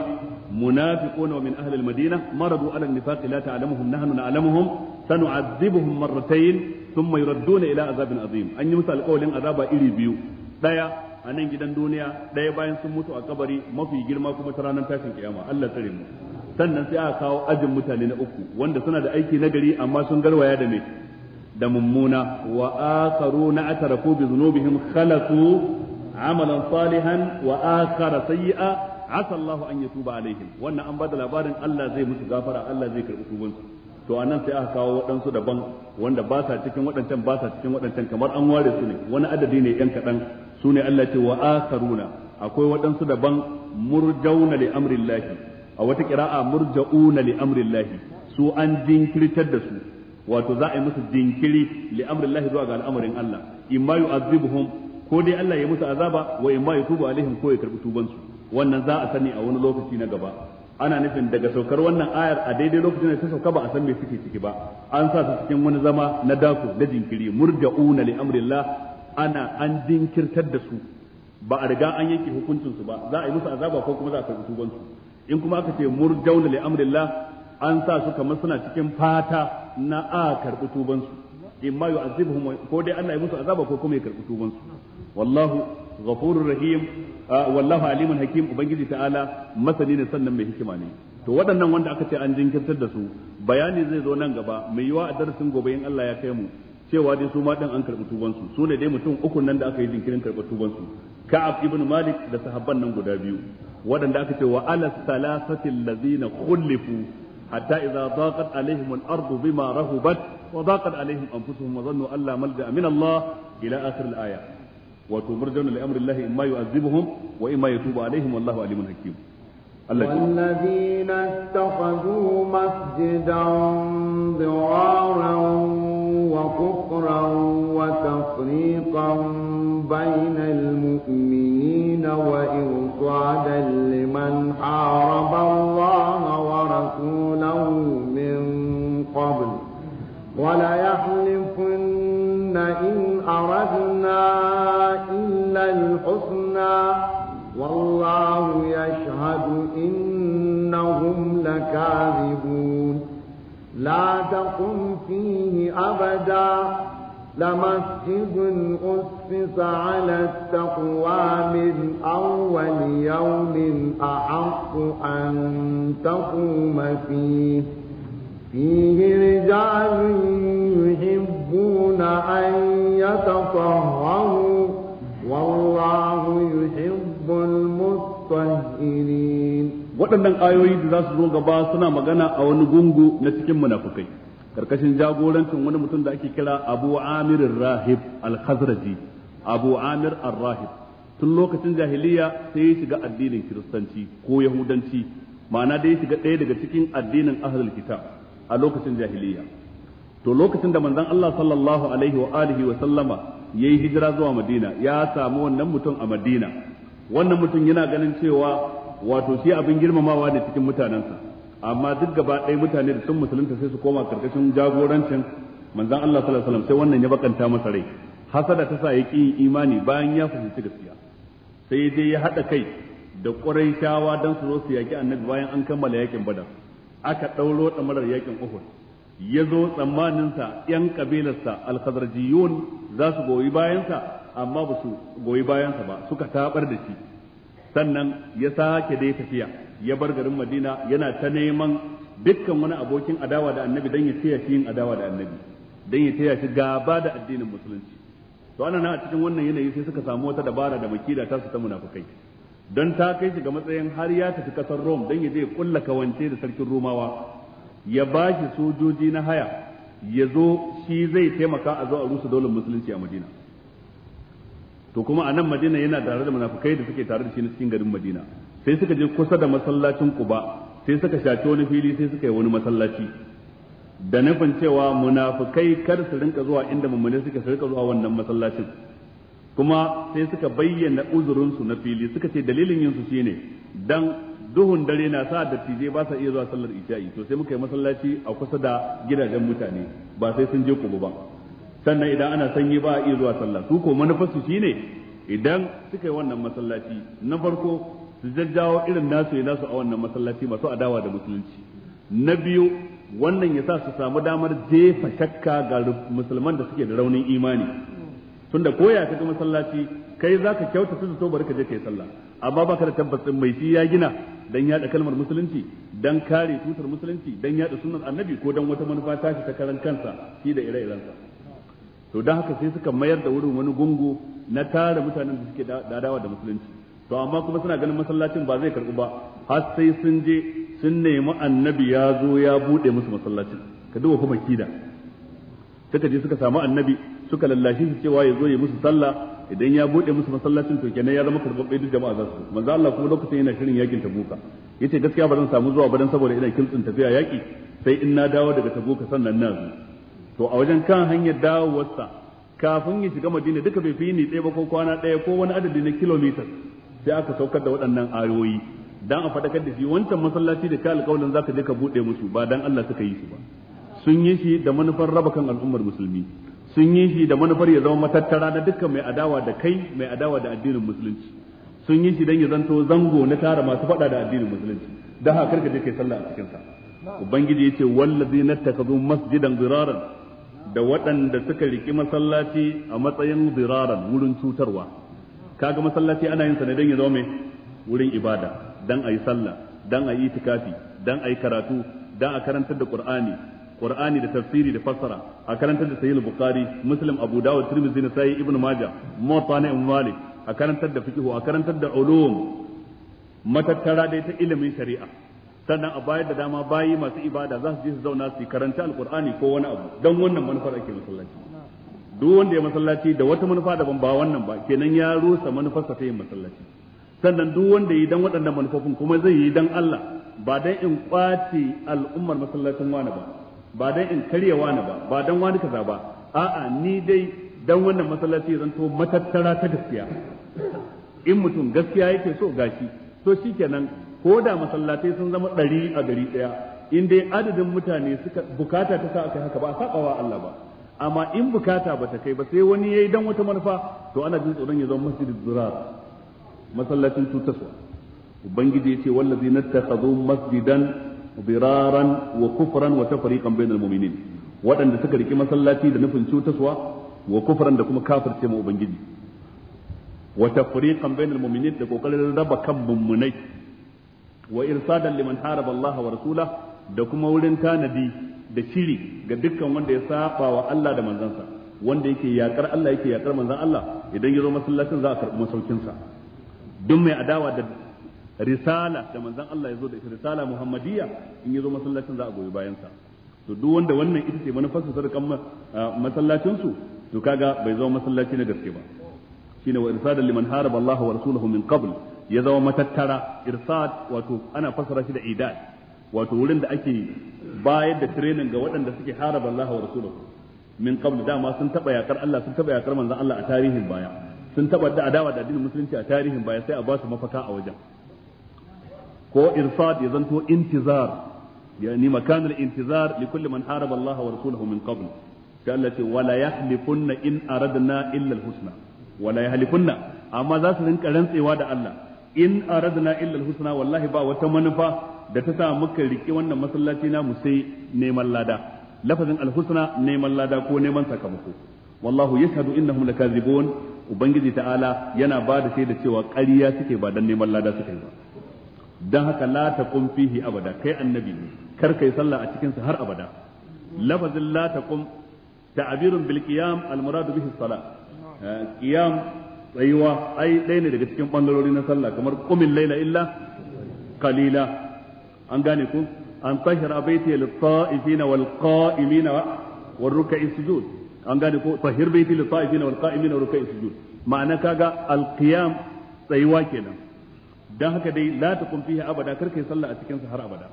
munafiquna min ahli al-madina maradu ala an-nifaqi la ta'lamuhum nahnu na'lamuhum sanu'adhibuhum marratayn thumma yuradduna ila azabin azim an yi musu alƙawalin azaba iri biyu daya a nan gidan duniya ɗaya bayan sun mutu a kabari mafi girma kuma ta ranar tashin kiyama Allah tsare mu sannan sai aka kawo ajin mutane na uku wanda suna da aiki nagari amma sun garwaya da me da mummuna wa akharuna atarafu bi dhunubihim khalaqu amalan salihan wa'akara akhara sayyi'a asa Allahu an yatuba alaihim wannan an bada labarin Allah zai musu gafara Allah zai karbi tuban to to anan sai aka kawo waɗansu daban wanda ba sa cikin waɗancan ba sa cikin waɗancan kamar an ware su ne wani adadi ne yan kaɗan su ne Allah ce wa akaruna akwai waɗansu daban murjauna li amrillahi a wata kira'a murja'una li amrillahi su an jinkirtar da su wato za a yi musu jinkiri li amrillahi zuwa ga al'amarin Allah imma yu'azzibuhum ko dai Allah ya musu azaba wa imma yatubu alaihim ko ya karbi tubansu wannan za a sani a wani lokaci na gaba ana nufin daga saukar wannan ayar a daidai lokacin da ta sauka ba a san me suke ciki ba an sa su cikin wani zama na dako na jinkiri murja'una li amrillah ana an jinkirtar da su ba a riga an yanke hukuncin su ba za a yi musu azaba ko kuma za a karɓi tubansu. in kuma aka ce murja'una li amrillah an sa su kamar suna cikin fata na a karɓi tubansu. in ma yu'azibuhum ko dai Allah ya musu azaba ko kuma ya karɓi tubansu? wallahu ghafurur rahim wallahu alimun hakim ubangiji ta'ala masani ne sannan mai hikima ne to waɗannan wanda aka ce an jinkirtar da su bayani zai zo nan gaba mai yiwa a darasin gobe in Allah ya kai mu cewa dai su ma din an karɓi tuban su su ne dai mutum uku nan da aka yi jinkirin karɓi tuban su ka'ab ibn malik da sahabban nan guda biyu waɗanda aka ce wa ala salasatil ladzina khulifu hatta idza daqat alaihim al-ardu bima rahubat wa daqat alaihim anfusuhum wa dhannu alla malja min Allah ila akhir al-aya وتمرجون لامر الله اما يعذبهم واما يتوب عليهم والله عليم حكيم. والذين اتخذوا مسجدا ضرارا وكفرا وتفريقا بين والله يشهد إنهم لكاذبون لا تقم فيه أبدا لمسجد أسس على التقوى من أول يوم أحق أن تقوم فيه فيه رجال يحبون أن يتطهروا والله يحب الظاهرين waɗannan ayoyi da za su zo gaba suna magana a wani gungu na cikin munafukai karkashin jagorancin wani mutum da ake kira Abu Amir Rahib Al-Khazraji Abu Amir Ar-Rahib tun lokacin jahiliya sai ya shiga addinin kiristanci ko yahudanci ma'ana da ya shiga ɗaya daga cikin addinin ahlul kitab a lokacin jahiliya to lokacin da manzon Allah sallallahu alaihi wa alihi wa sallama yayi hijira zuwa Madina ya samu wannan mutum a Madina wannan mutum yana ganin cewa wato shi abin girmamawa ne cikin mutanensa amma duk gaba ɗaya mutane da sun musulunta sai su koma karkashin jagorancin manzon Allah sallallahu alaihi sai wannan ya bakanta masa rai hasada ta sa ya ƙi imani bayan ya fahimci gaskiya sai dai ya hada kai da ƙuraishawa don su zo su yaƙi annabi bayan an kammala yakin badar aka ɗauro ɗamarar yakin uhud ya zo tsammaninsa ‘yan ƙabilarsa alkhazarjiyun za su goyi bayansa amma ba su goyi bayansa ba suka tabar da shi sannan ya sake dai tafiya ya bar garin madina yana ta neman dukkan wani abokin adawa da annabi don ya taya shi yin adawa da annabi don ya taya shi gaba da addinin musulunci to ana nan a cikin wannan yanayi sai suka samu wata dabara da makida ta su ta munafukai don ta kai shi ga matsayin har ya tafi kasar rom don ya je kulla kawance da sarkin Romawa ya ba shi sojoji na haya ya zo shi zai taimaka a zo a rusa daular musulunci a Madina to kuma a nan madina yana tare da munafukai da suke tare da shi na cikin garin madina sai suka je kusa da masallacin kuba sai suka shaci wani fili sai suka yi wani masallaci da nufin cewa munafukai kar su rinka zuwa inda mummune suke su rinka zuwa wannan masallacin kuma sai suka bayyana uzurinsu na fili suka ce dalilin yin su shine dan duhun dare na sa dattijai ba sa iya zuwa sallar isha'i to sai muka yi masallaci a kusa da gidajen mutane ba sai sun je kubu ba sannan idan ana sanyi ba a iya zuwa sallah su ko manufarsu shi ne idan suka yi wannan masallaci na farko su jajjawo irin nasu ya nasu a wannan masallaci masu adawa da musulunci na biyu wannan ya sa su samu damar jefa shakka ga musulman da suke da raunin imani tunda koya ka ga masallaci kai za ka kyauta su so bari ka je kai sallah amma baka da tabbas mai shi ya gina dan yada kalmar musulunci dan kare tutar musulunci dan yada sunnar annabi ko dan wata manufa ta shi ta karan kansa shi da ire-irensa to don haka sai suka mayar da wurin wani gungu na tara mutanen da suke dadawa da musulunci to amma kuma suna ganin masallacin ba zai karbu ba har sai sun je sun nemi annabi ya zo ya bude musu masallacin ka duba kuma kida suka je suka samu annabi suka lallashi su cewa ya zo ya musu sallah idan ya bude musu masallacin to kenan ya zama karbabbe duk jama'a za su manzo Allah kuma lokacin yana shirin yakin tabuka yace gaskiya ba zan samu zuwa ba dan saboda ina kintsin tafiya yaki sai in na dawo daga tabuka sannan na zo to a wajen kan hanyar dawowarsa kafin ya shiga madina duka bai fi ni ba ko kwana daya ko wani adadi na kilomita sai aka saukar da waɗannan ayoyi dan a faɗakar da shi wancan masallaci da ka alƙawarin ka je ka buɗe musu ba dan Allah suka yi su ba sun yi shi da manufar raba kan al'ummar musulmi sun yi shi da manufar ya zama matattara na dukkan mai adawa da kai mai adawa da addinin musulunci sun yi shi dan ya zanto zango na tara masu faɗa da addinin musulunci da haka karka je kai sallah a cikin sa ubangiji yace wallazi nattakazu masjidan ziraran da waɗanda suka riƙi masallaci a matsayin ziraran wurin cutarwa kaga masallaci ana yin sa ne don ya zama wurin ibada dan ayi sallah dan ayi itikafi dan ayi karatu dan a karantar da qur'ani qur'ani da tafsiri da fassara a karantar da sahih bukhari muslim abu dawud tirmidhi nasai ibnu majah muwatta na malik a karantar da fiqh a karantar da ulum matattara dai ta ilimin shari'a sannan a bayar da dama bayi masu ibada za su je su zauna su karanta alkur'ani ko wani abu don wannan manufar ake masallaci duk wanda ya masallaci da wata manufa daban ba wannan ba kenan ya rusa sa ta yin masallaci sannan duk wanda yi dan waɗannan manufofin kuma zai yi dan Allah ba dan in kwace al'ummar masallacin wani ba ba dan in karya wani ba ba dan wani kaza ba a'a ni dai dan wannan masallaci zan to matattara ta gaskiya in mutum gaskiya yake so gashi to shikenan ko da masallatai sun zama ɗari a gari ɗaya in dai adadin mutane suka bukata ta sa aka haka ba a saɓawa Allah ba amma in bukata ba ta kai ba sai wani yayi dan wata manufa to ana jin tsoron ya zama masjidul zurar masallacin tutaswa ubangiji yace wallazi nattakhadhu masjidan biraran wa kufran wa tafriqan bainal mu'minin waɗanda suka riki masallaci da nufin cutaswa wa kufran da kuma kafirce mu ubangiji wa tafriqan bainal mu'minin da kokarin raba kan mummunai wa irsadan liman haraba Allah wa rasula da kuma wurin tanadi da shiri ga dukkan wanda ya saba wa Allah da manzansa wanda yake yakar Allah yake yakar manzan Allah idan ya zo masallacin za a karɓi masaukin sa duk mai adawa da risala da manzan Allah ya zo da ita risala muhammadiyya in ya zo masallacin za a goyi bayan sa to duk wanda wannan ita ce manufarsa sadakan ah, masallacin su to kaga bai zama masallaci na gaske ba shine wa irsadan liman haraba Allah wa rasuluhu min qabl ya zama matattara irsad wato ana fasara shi da idad wato wurin da ake bayar da training ga waɗanda suke haraba Allah wa rasuluhu min qabl dama sun taba yakar Allah sun taba yakar manzon Allah a tarihin baya sun taba da adawa da addinin musulunci a tarihin baya sai a ba su mafaka a wajen ko irsad ya zanto intizar يعني مكان الانتظار لكل من حارب الله ورسوله من قبل قال ولا يحلفن إن أردنا إلا الحسنى wala yahlifunna amma za su rinka rantsewa da Allah in aradna illa alhusna wallahi ba wata manufa da ta sa muka rike wannan masallaci na mu sai neman lada lafazin alhusna neman lada ko neman sakamako wallahu yashhadu innahum lakazibun ubangiji ta'ala yana ba da shaida cewa ƙarya suke ba dan neman lada suke ba dan haka la taqum fihi abada kai annabi kar kai sallah a cikin sa har abada lafazin la taqum ta'birun bil qiyam al murad bihi salat Eh, qiyam tsayuwa ai ɗaya ne daga cikin bangarori na sallah kamar kumin laila illa kalila an gane ku an tahira baiti lil ta'ifina wal qa'imina wal ruk'i sujud an gane ku tahir baiti lil ta'ifina wal qa'imina wal ruk'i sujud ma'ana kaga al qiyam tsayuwa kenan dan haka dai la taqum fiha abada karka yi sallah a cikin sa har abada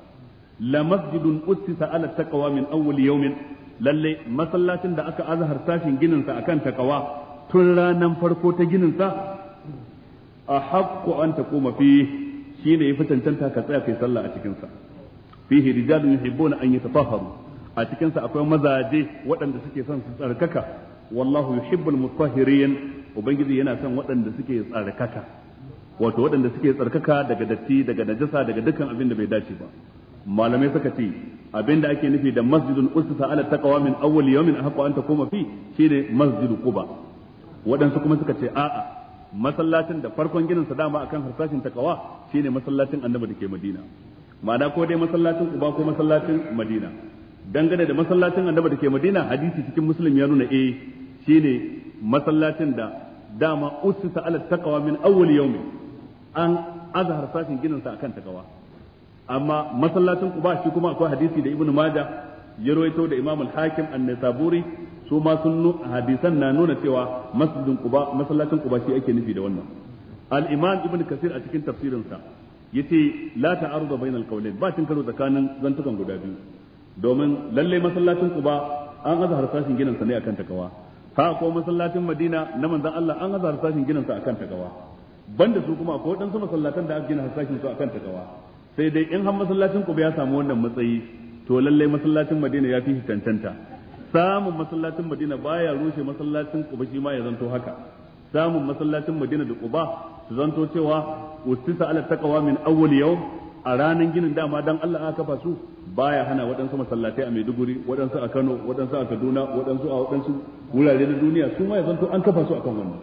la masjidun ussisa ala taqwa min awwal yawmin lalle masallacin da aka azhar sashin ginin sa akan takawa tun ranan farko ta ginin sa a haƙƙo an ta koma fi shi shine yafi tantanta ka tsaya kai sallah a cikin sa fihi rijalun yuhibbuna an yatatahharu a cikinsa akwai mazaje waɗanda suke son su tsarkaka wallahu yuhibbul mutahhirin ubangiji yana son waɗanda suke tsarkaka wato waɗanda suke tsarkaka daga datti daga najasa daga dukkan abin da bai dace ba malamai suka ce abin da ake nufi da masjidun ussa ala taqwa min awwal yawmin ahqqa an takuma fi shine masjidu quba waɗansu kuma suka ce a'a masallacin da farkon ginin sa dama akan harsashin takawa shine masallacin annabi da ke madina ma'ana ko dai masallacin uba ko masallacin madina dangane da masallacin annabi da ke madina hadisi cikin muslim ya nuna eh shine masallacin da dama ussisa ala takawa min awwal yawm an azhar harsashin ginin sa akan takawa amma masallacin uba shi kuma akwai hadisi da ibnu majah ya rawaito da imam al-hakim an-nisaburi su ma sun hadisan na nuna cewa masjidin quba masallacin quba shi ake nufi da wannan al imam ibn kasir a cikin tafsirinsa yace la ta'arudu bainal qawlain ba tin karo tsakanin zantukan guda biyu domin lalle masallacin quba an azhar sashin ginin sa ne akan takawa fa ko masallacin madina na manzon Allah an azhar sashin ginin sa akan takawa banda su kuma akwai su masallatan da aka gina sashin su akan takawa sai dai in har masallacin quba ya samu wannan matsayi to lalle masallacin madina ya fi tantanta samun masallacin madina baya rushe masallacin kuba shi ma ya zanto haka samun masallacin madina da kuba su zanto cewa ustisa ala taqwa min awwal yau a ranar ginin dama dan Allah aka kafa su baya hana waɗansu masallatai a Maiduguri waɗansu a Kano waɗansu a Kaduna waɗansu a waɗansu wurare na duniya su ma ya zanto an kafa su akan wannan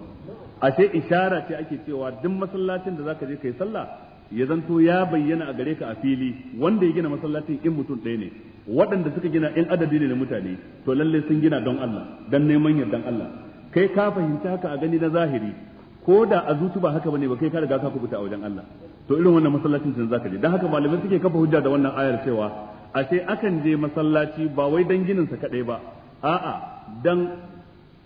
ashe ishara ce ake cewa duk masallacin da zaka je kai sallah ya zanto ya bayyana a gare ka a fili wanda ya gina masallacin in mutum ɗaya ne waɗanda suka gina in adadi ne na mutane to lalle sun gina don Allah don neman yardan Allah kai ka fahimci haka a gani na zahiri ko da a zuci ba haka bane ba kai ka riga ka kubuta a wajen Allah to irin wannan masallacin sun zaka je dan haka malamai suke kafa hujja da wannan ayar cewa ce akan je masallaci ba wai dan ginin sa kadai ba a'a dan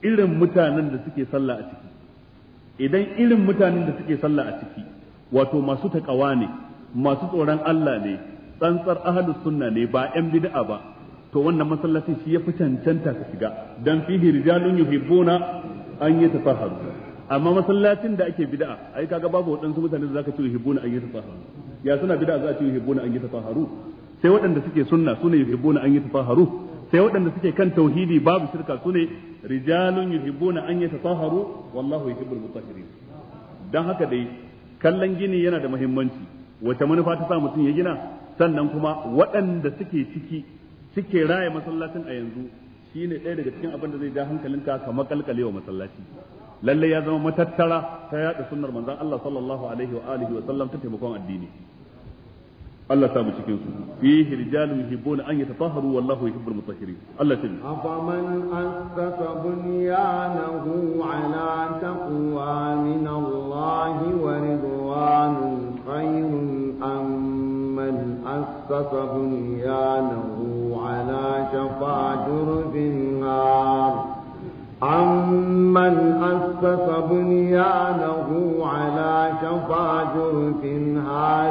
irin mutanen da suke sallah a ciki idan irin mutanen da suke sallah a ciki wato masu taƙawa ne masu tsoron Allah ne tsantsar ahlus sunna ne ba yan bid'a ba to wannan masallacin shi ya fi cancanta ka shiga dan fihi rijalun yuhibbuna an yi yatafaharu amma masallacin da ake bid'a ai kaga babu waɗansu mutane da zaka ce yuhibbuna an yi yatafaharu ya suna bid'a za a ce yuhibbuna an yi tafaharu sai waɗanda suke sunna sune yuhibbuna an yi tafaharu sai waɗanda suke kan tauhidi babu shirka su ne rijalun yuhibbuna an yi tafaharu wallahu yuhibbul mutahhirin dan haka dai kallon gini yana da muhimmanci wace manufa ta sa mutum ya gina sannan kuma waɗanda suke ciki suke raya masallacin a yanzu shine ɗaya daga cikin abin da zai ja hankalinka ka makalkale wa masallaci lalle ya zama matattara ta yaɗa sunnar manzon Allah sallallahu alaihi wa alihi wa sallam ta taimakon addini الله تابو شكين فيه رجال يحبون أن يتطهروا والله يحب المطهرين الله تابو أفمن أسس بنيانه على تقوى من الله ورضوان خير أم من أسس بنيانه على شفا جرف النار أمن أسس بنيانه على شفا جرف النار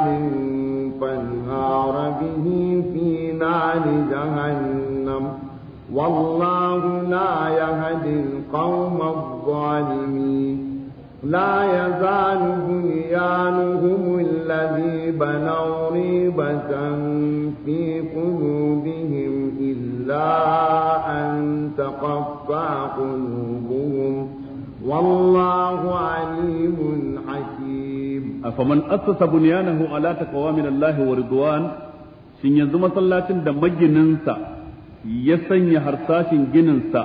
نار جهنم والله لا يهدي القوم الظالمين لا يزال بنيانهم الذي بنوا ريبة في قلوبهم إلا أن تقطع قلوبهم والله عليم حكيم أفمن أسس بنيانه على تقوى من الله ورضوان shin yanzu masallacin da magininsa ya sanya harsashin gininsa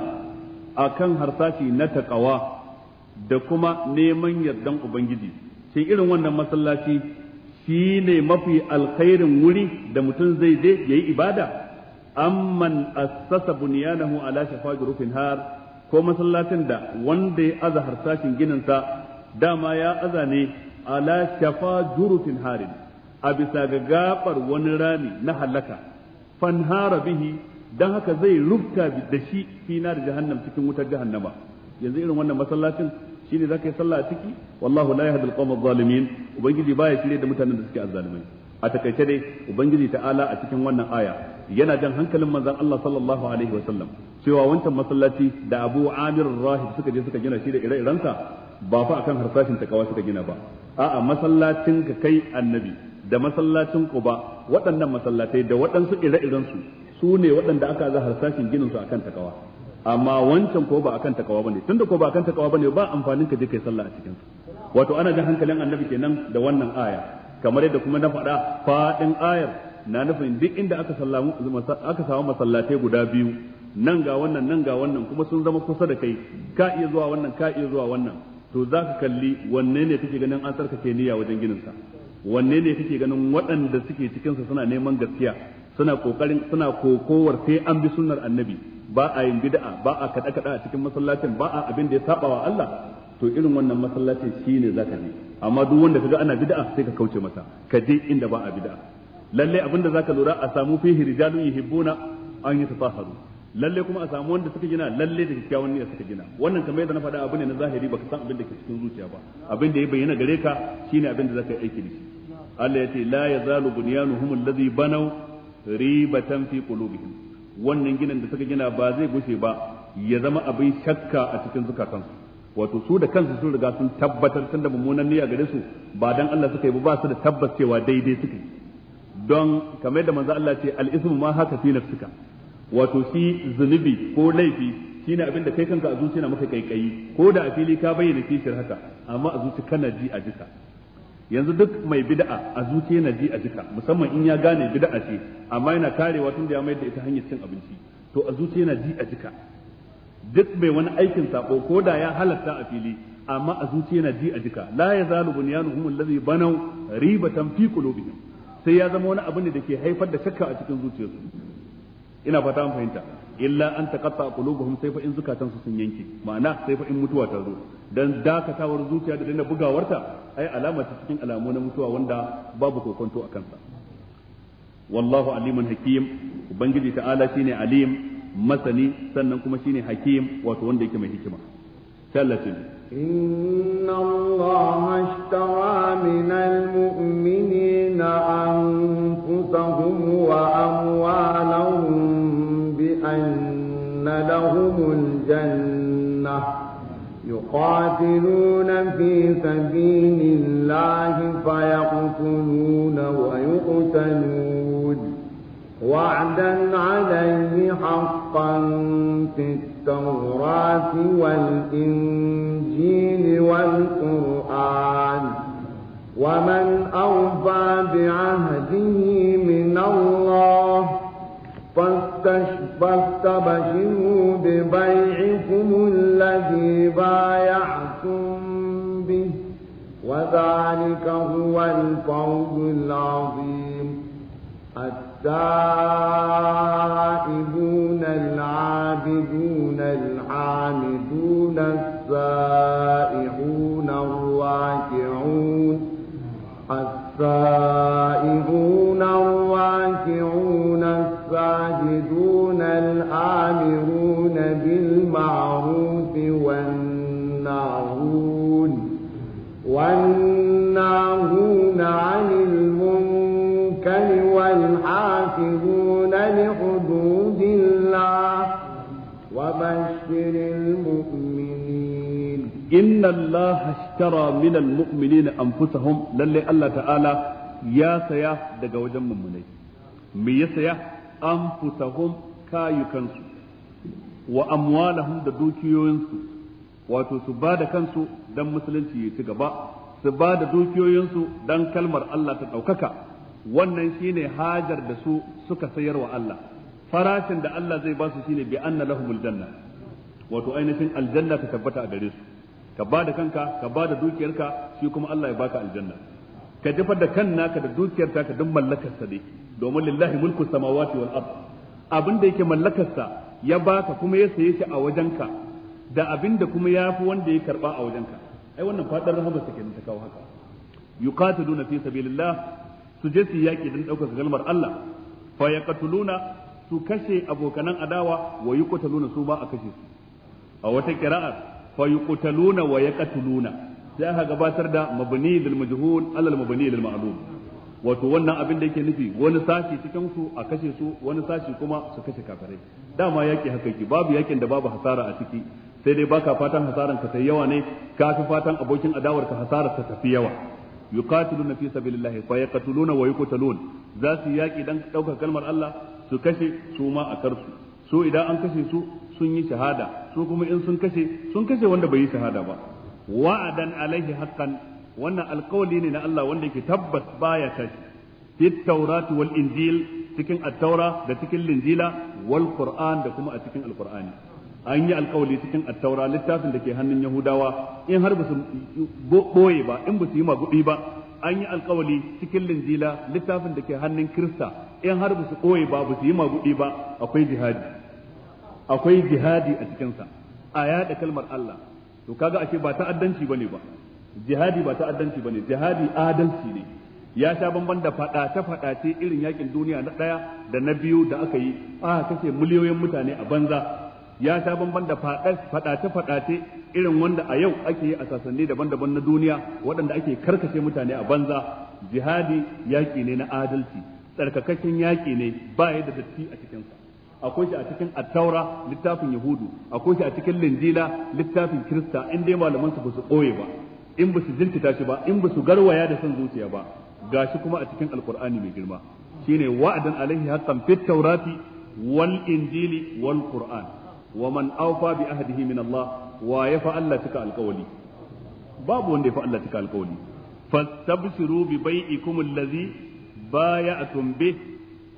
a kan harsashi na taƙawa da kuma neman yardan ubangiji shin irin wannan masallaci shi ne mafi alkhairin wuri da mutum zai je ya yi ibada amman assasa bunyanahu ala shafa rufin har ko masallacin da wanda ya aza harsashin gininsa dama ya aza ne ala shafa jurufin harin a bisa ga gabar wani rami na halaka fanhara bihi dan haka zai rubta da shi fina da jahannam cikin wutar jahannama yanzu irin wannan masallacin shine zaka yi sallah a ciki wallahu la yahdi alqawm adh-dhalimin ubangiji baya shirye da mutanen da suke azzalimai a takaice dai ubangiji ta'ala a cikin wannan aya yana jan hankalin manzon Allah sallallahu alaihi wa sallam cewa wancan masallaci da Abu Amir Rahib suka je suka gina shi da ire-irensa ba fa akan harsashin takawa suka gina ba a'a masallacin ka kai annabi da masallacin Quba waɗannan masallatai da waɗansu ire-iren su su ne waɗanda aka zahar harsashin ginin su akan takawa amma wancan ko ba akan takawa bane tunda ko ba akan takawa bane ba amfanin ka je kai sallah a cikin su wato ana jin hankalin annabi kenan da wannan aya kamar yadda kuma na faɗa faɗin ayar na nufin duk inda aka sallamu aka samu masallatai guda biyu nan ga wannan nan ga wannan kuma sun zama kusa da kai ka iya zuwa wannan ka iya zuwa wannan to za ka kalli wanne ne kake ganin an sarkake niyya wajen ginin sa wanne ne kake ganin waɗanda suke cikin suna neman gaskiya suna kokarin suna kokowar sai an bi sunnar annabi ba a yin bid'a ba a kada kada a cikin masallacin ba a abin da ya saba wa Allah to irin wannan masallacin shine zaka je amma duk wanda kaga ana bid'a sai ka kauce masa ka je inda ba a bid'a lalle abin da zaka lura a samu fihi rijalun yuhibbuna an yatafaharu lalle kuma a samu wanda suka gina lalle da kyakkyawan ne suka gina wannan kamar yadda na faɗa abu ne na zahiri baka san abin da ke cikin zuciya ba abin da ya bayyana gare ka shine abin da zaka yi aiki da shi Allah ya ce la zalu bunyanuhum alladhi banaw ribatan fi qulubihim wannan ginin da suka gina ba zai gushe ba ya zama abin shakka a cikin zukatansu wato su da kansu sun riga sun tabbatar tun da mummunan niyya gare su ba dan Allah suka yi ba su da tabbas cewa daidai suka yi don kamar da manzo Allah ce al-ismu ma haka fi nafsika wato shi zunubi ko laifi shine abin da kai kanka a zuciya maka kaikayi ko da a fili ka bayyana kishir haka amma a zuci kana ji a jika yanzu duk mai bid'a a zuciya na ji a jika musamman in ya gane bid'a ce amma yana karewa tun da ya mayar da ita hanyar cin abinci to a zuciya yana ji a jika duk mai wani aikin sako ko da ya halatta a fili amma a zuciya yana ji a jika la yazalu bunyanuhum allazi banaw ribatan fi qulubihim sai ya zama wani abu ne da ke haifar da shakka a cikin zuciyarsu ina fata an fahimta illa an taqatta qulubuhum sai fa in zukatan su sun yanke ma'ana sai fa in mutuwa ta zo dan dakatawar zuciya da daina bugawarta ai alama ce cikin alamu na mutuwa wanda babu kokonto a kansa wallahu alimun hakim ubangiji ta'ala shine alim masani sannan kuma shine hakim wato wanda yake mai hikima sallatin إن الله اشترى من anfusahum wa amwalahum أن لهم الجنة يقاتلون في سبيل الله فيقتلون ويقتلون وعدا عليه حقا في التوراة والإنجيل والقرآن ومن أوفى بعهده من الله فاستبشروا ببيعكم الذي بايعتم به وذلك هو الفوز العظيم التائبون العابدون الحامدون السائحون الراكعون السائحون بالمعروف والناهون عن المنكر والحافظون لحدود الله وبشر المؤمنين إن الله اشترى من المؤمنين أنفسهم للي الله تعالى يا سيا دقوجا ممني مي سيا أنفسهم كايكنسو wa amwalahum da dukiyoyinsu wato su ba da kansu dan musulunci ya ci gaba su ba da dukiyoyinsu dan kalmar Allah ta ɗaukaka wannan shine hajar da su suka sayar wa Allah farashin da Allah zai ba su shine bi anna lahumul janna wato ainihin aljanna ta tabbata a gare su ka ba da kanka ka ba da dukiyarka shi kuma Allah ya baka aljanna ka jefar da kan naka da dukiyar ka duk mallakarsa ne domin lillahi mulku samawati wal ard abin da yake mallakarsa ya baka kuma ya saye shi a wajenka da abinda kuma ya fi wanda ya karba a wajenka ai wannan fadar rahama take ta kawo haka yuqatiluna fi sabilillah su je su yaki dan daukar kalmar Allah fa yaqtuluna su kashe abokanan adawa wa yuqtaluna su ba a kashe su a wata qira'a fa yuqtaluna wa yaqtuluna sai aka gabatar da mabni lil majhul alal mabni lil ma'lum wato wannan abin da yake nufi wani sashi cikin su a kashe su wani sashi kuma su kashe kafirai dama yaki haka babu yakin da babu hasara a ciki sai dai baka fatan hasaran ka sai yawa ne ka fi fatan abokin adawar ka hasarar ta tafi yawa yuqatiluna fi sabilillahi fa yaqtuluna wa yuqtalun za su yaki dan dauka kalmar Allah su kashe su ma a karsu su idan an kashe su sun yi shahada su kuma in sun kashe sun kashe wanda bai yi shahada ba wa'adan alaihi haqqan wannan alkawali ne na Allah wanda yake tabbas baya tashi fi taurati wal injil cikin at-taura da cikin linjila wal qur'an da kuma a cikin alqur'ani an yi alkawali cikin at-taura littafin da ke hannun yahudawa in har ba su boye ba in ba su yi magudi ba an yi alkawali cikin linjila littafin da ke hannun kirista in har ba su boye ba ba su yi magudi ba akwai jihadi akwai jihadi a cikinsa a yaɗa kalmar Allah to kaga ashe ba ta'addanci bane ba jihadi ba ta'addanci bane jihadi adalci ne ya sha bamban da fadace ce irin yakin duniya na ɗaya da na biyu da aka yi a kace miliyoyin mutane a banza ya sha bamban da fadace ce irin wanda a yau ake yi a sasanni daban-daban na duniya waɗanda ake karkace mutane a banza jihadi yaki ne na adalci tsarkakakken yaki ne ba yadda da datti a cikinsa akwai shi a cikin attaura littafin yahudu akwai shi a cikin linjila littafin kirista in dai malaman su ba su ɓoye ba in ba su jirkita shi ba in ba su garwaya da son zuciya ba gashi kuma a cikin alkur'ani mai girma shine wa'adan alaihi haqqan fit tawrati wal injili wal qur'an wa man awfa bi ahdihi min Allah wa ya fa Allah tuka alqawli babu wanda ya fa Allah tuka alqawli fastabshiru bi bai'ikum allazi baya'tum bih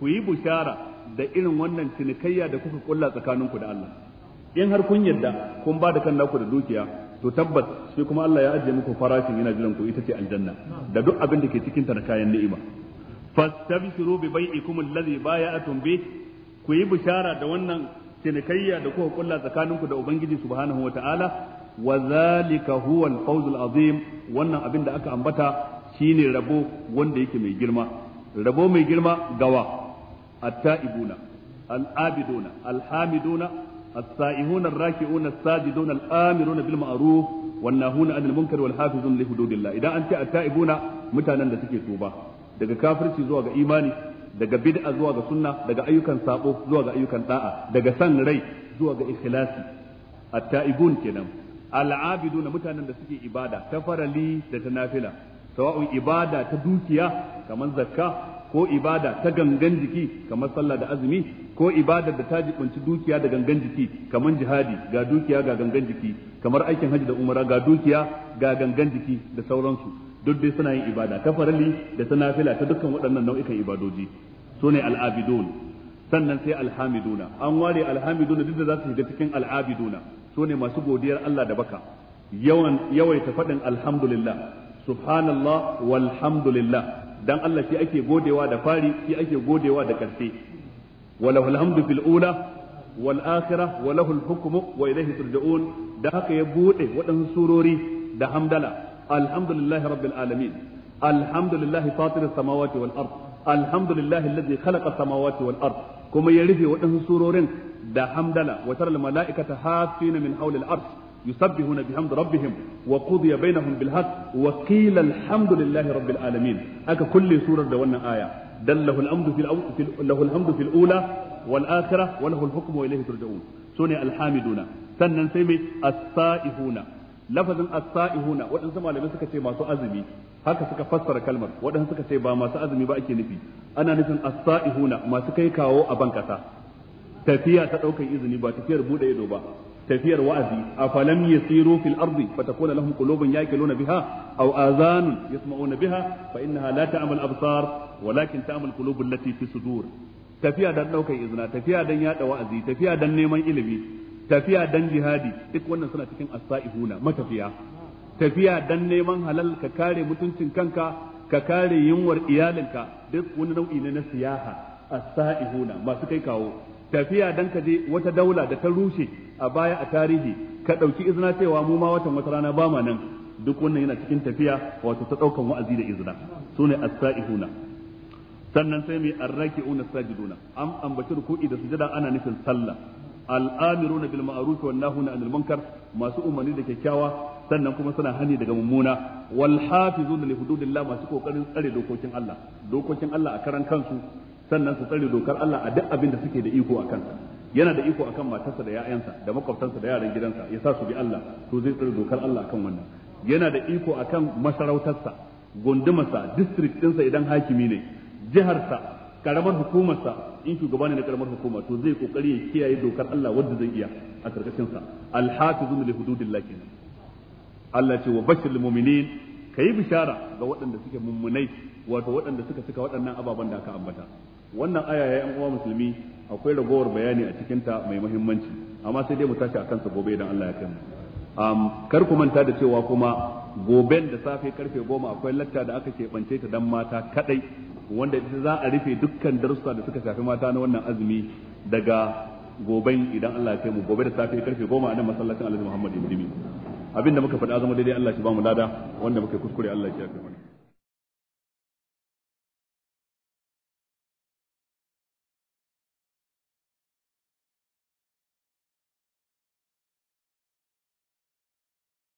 ku yi bushara da irin wannan cinikayya da kuka kulla tsakaninku da Allah in har kun yarda kun ba da kan naku da dukiya to tabbas sai kuma Allah ya ajiye muku farashin yana jiran ku ita ce aljanna da duk abin da ke cikin ta kayan ni'ima fastabshiru bi bai'ikum alladhi bay'atum bi ku yi bishara da wannan cinikayya da kuka kulla tsakaninku da ubangiji subhanahu wata'ala wa zalika huwa al azim wannan abin da aka ambata shine rabo wanda yake mai girma rabo mai girma gawa at-ta'ibuna al-abiduna al-hamiduna as-sa'ihun ar-raki'un as-sajidun al-amirun bil ma'ruf wan nahuna 'anil munkar wal hafizun li hududillah idan an ce at-ta'ibuna mutanen da suke tuba daga kafirci zuwa imani daga bid'a zuwa ga sunna daga ayyukan sabo zuwa ga ayyukan da'a daga san rai zuwa ga ikhlasi at-ta'ibun kenan al na mutanen da suke ibada ta farali da ta nafila sawa'un ibada ta dukiya kamar zakka ko ibada ta gangan jiki kamar sallah da azumi ko ibada da ta jibanci dukiya da gangan jiki kamar jihadi ga dukiya ga gangan jiki kamar aikin hajji da umara ga dukiya ga gangan jiki da sauransu duk dai suna yin ibada ta farali da ta nafila ta dukkan waɗannan nau'ikan ibadoji su ne al'abidun sannan sai alhamiduna an ware alhamiduna duk da za su shiga cikin al'abiduna su ne masu godiyar Allah da baka yawan yawaita faɗin alhamdulillah subhanallah walhamdulillah dan Allah shi ake godewa da fari shi ake godewa da karshe walahul hamdu fil ula wal akhirah walahul hukmu wa ilayhi turja'un da haka ya bude waɗansu surori da hamdala alhamdulillahi rabbil alamin alhamdulillahi fatiris samawati wal ard alhamdulillahi alladhi khalaqa samawati wal ard kuma ya rufe waɗansu surorin da hamdala wa taral mala'ikata hafina min hawlil ard يسبحون بحمد ربهم وقضي بينهم بالحق وقيل الحمد لله رب العالمين أكا كل سورة دولنا آية دل له الحمد في, الأو... في ال... له الحمد في الأولى والآخرة وله الحكم وإليه ترجعون سوني الحامدون سنن سيمي السائحون lafazin as-sa'ihuna waɗansu malamai suka ce masu azumi haka suka fassara kalmar waɗansu suka ce ba masu azumi ba ake nufi ana nufin as-sa'ihuna masu kai kawo a bankasa tafiya ta ɗaukar izini ba tafiyar buɗe ido ba tafiyar wa'azi a afalam yasiru fil ardi fatakuna lahum qulubun yaqiluna biha aw azanun na biha fa innaha la ta'mal absar walakin ta'mal qulubul lati fi sudur tafiya dan daukar izina tafiya dan yada wa'azi tafiya dan neman ilimi tafiya dan jihadi duk wannan suna cikin as matafiya tafiya dan neman halal ka kare mutuncin kanka ka kare yunwar iyalinka duk wani nau'i ne na siyaha as-sa'ihuna masu kai kawo tafiya dan ka je wata daula da ta rushe a baya a tarihi ka ɗauki izina cewa mu ma watan wata rana ba ma nan duk wannan yana cikin tafiya wato ta ɗaukan wa'azi da izina sune as-sa'ihuna sannan sai mai arraki'una sajiduna am ambaci ruku'i da sujada ana nufin sallah al'amiruna bil ma'ruf wan nahuna 'anil munkar masu umarni da kyakkyawa sannan kuma suna hani daga mummuna wal hafizuna li hududillah masu kokarin tsare dokokin Allah dokokin Allah a karan kansu sannan su tsare dokar Allah a duk abin da suke da iko a kansa yana da iko akan matarsa da 'ya'yansa da makwabtansa da yaran gidansa ya sa su bi Allah to zai tsare dokar Allah akan wannan yana da iko akan masarautarsa gundumarsa district ɗinsa idan hakimi ne jiharsa karamar hukumarsa in shugaba ne na karamar hukuma to zai kokari ya kiyaye dokar Allah wanda zai iya a karkashin sa hafizu li hududillah kenan Allah ce wa bashirul mu'minin kai bishara ga waɗanda suke mummunai wato waɗanda suka cika waɗannan ababen da aka ambata wannan aya ya yan uwa musulmi akwai ragowar bayani a cikinta mai muhimmanci amma sai dai mu tashi akan sa gobe idan Allah ya kai mu kar ku manta da cewa kuma goben da safe karfe goma akwai latta da aka keɓance ta dan mata kadai wanda ita za a rufe dukkan darussa da suka shafi mata na wannan azumi daga goben idan Allah ya kai mu gobe da safe karfe goma a nan masallacin Alhaji Muhammad Indimi abinda muka faɗa zama daidai Allah shi ba mu lada wanda muka kuskure Allah ya kai mu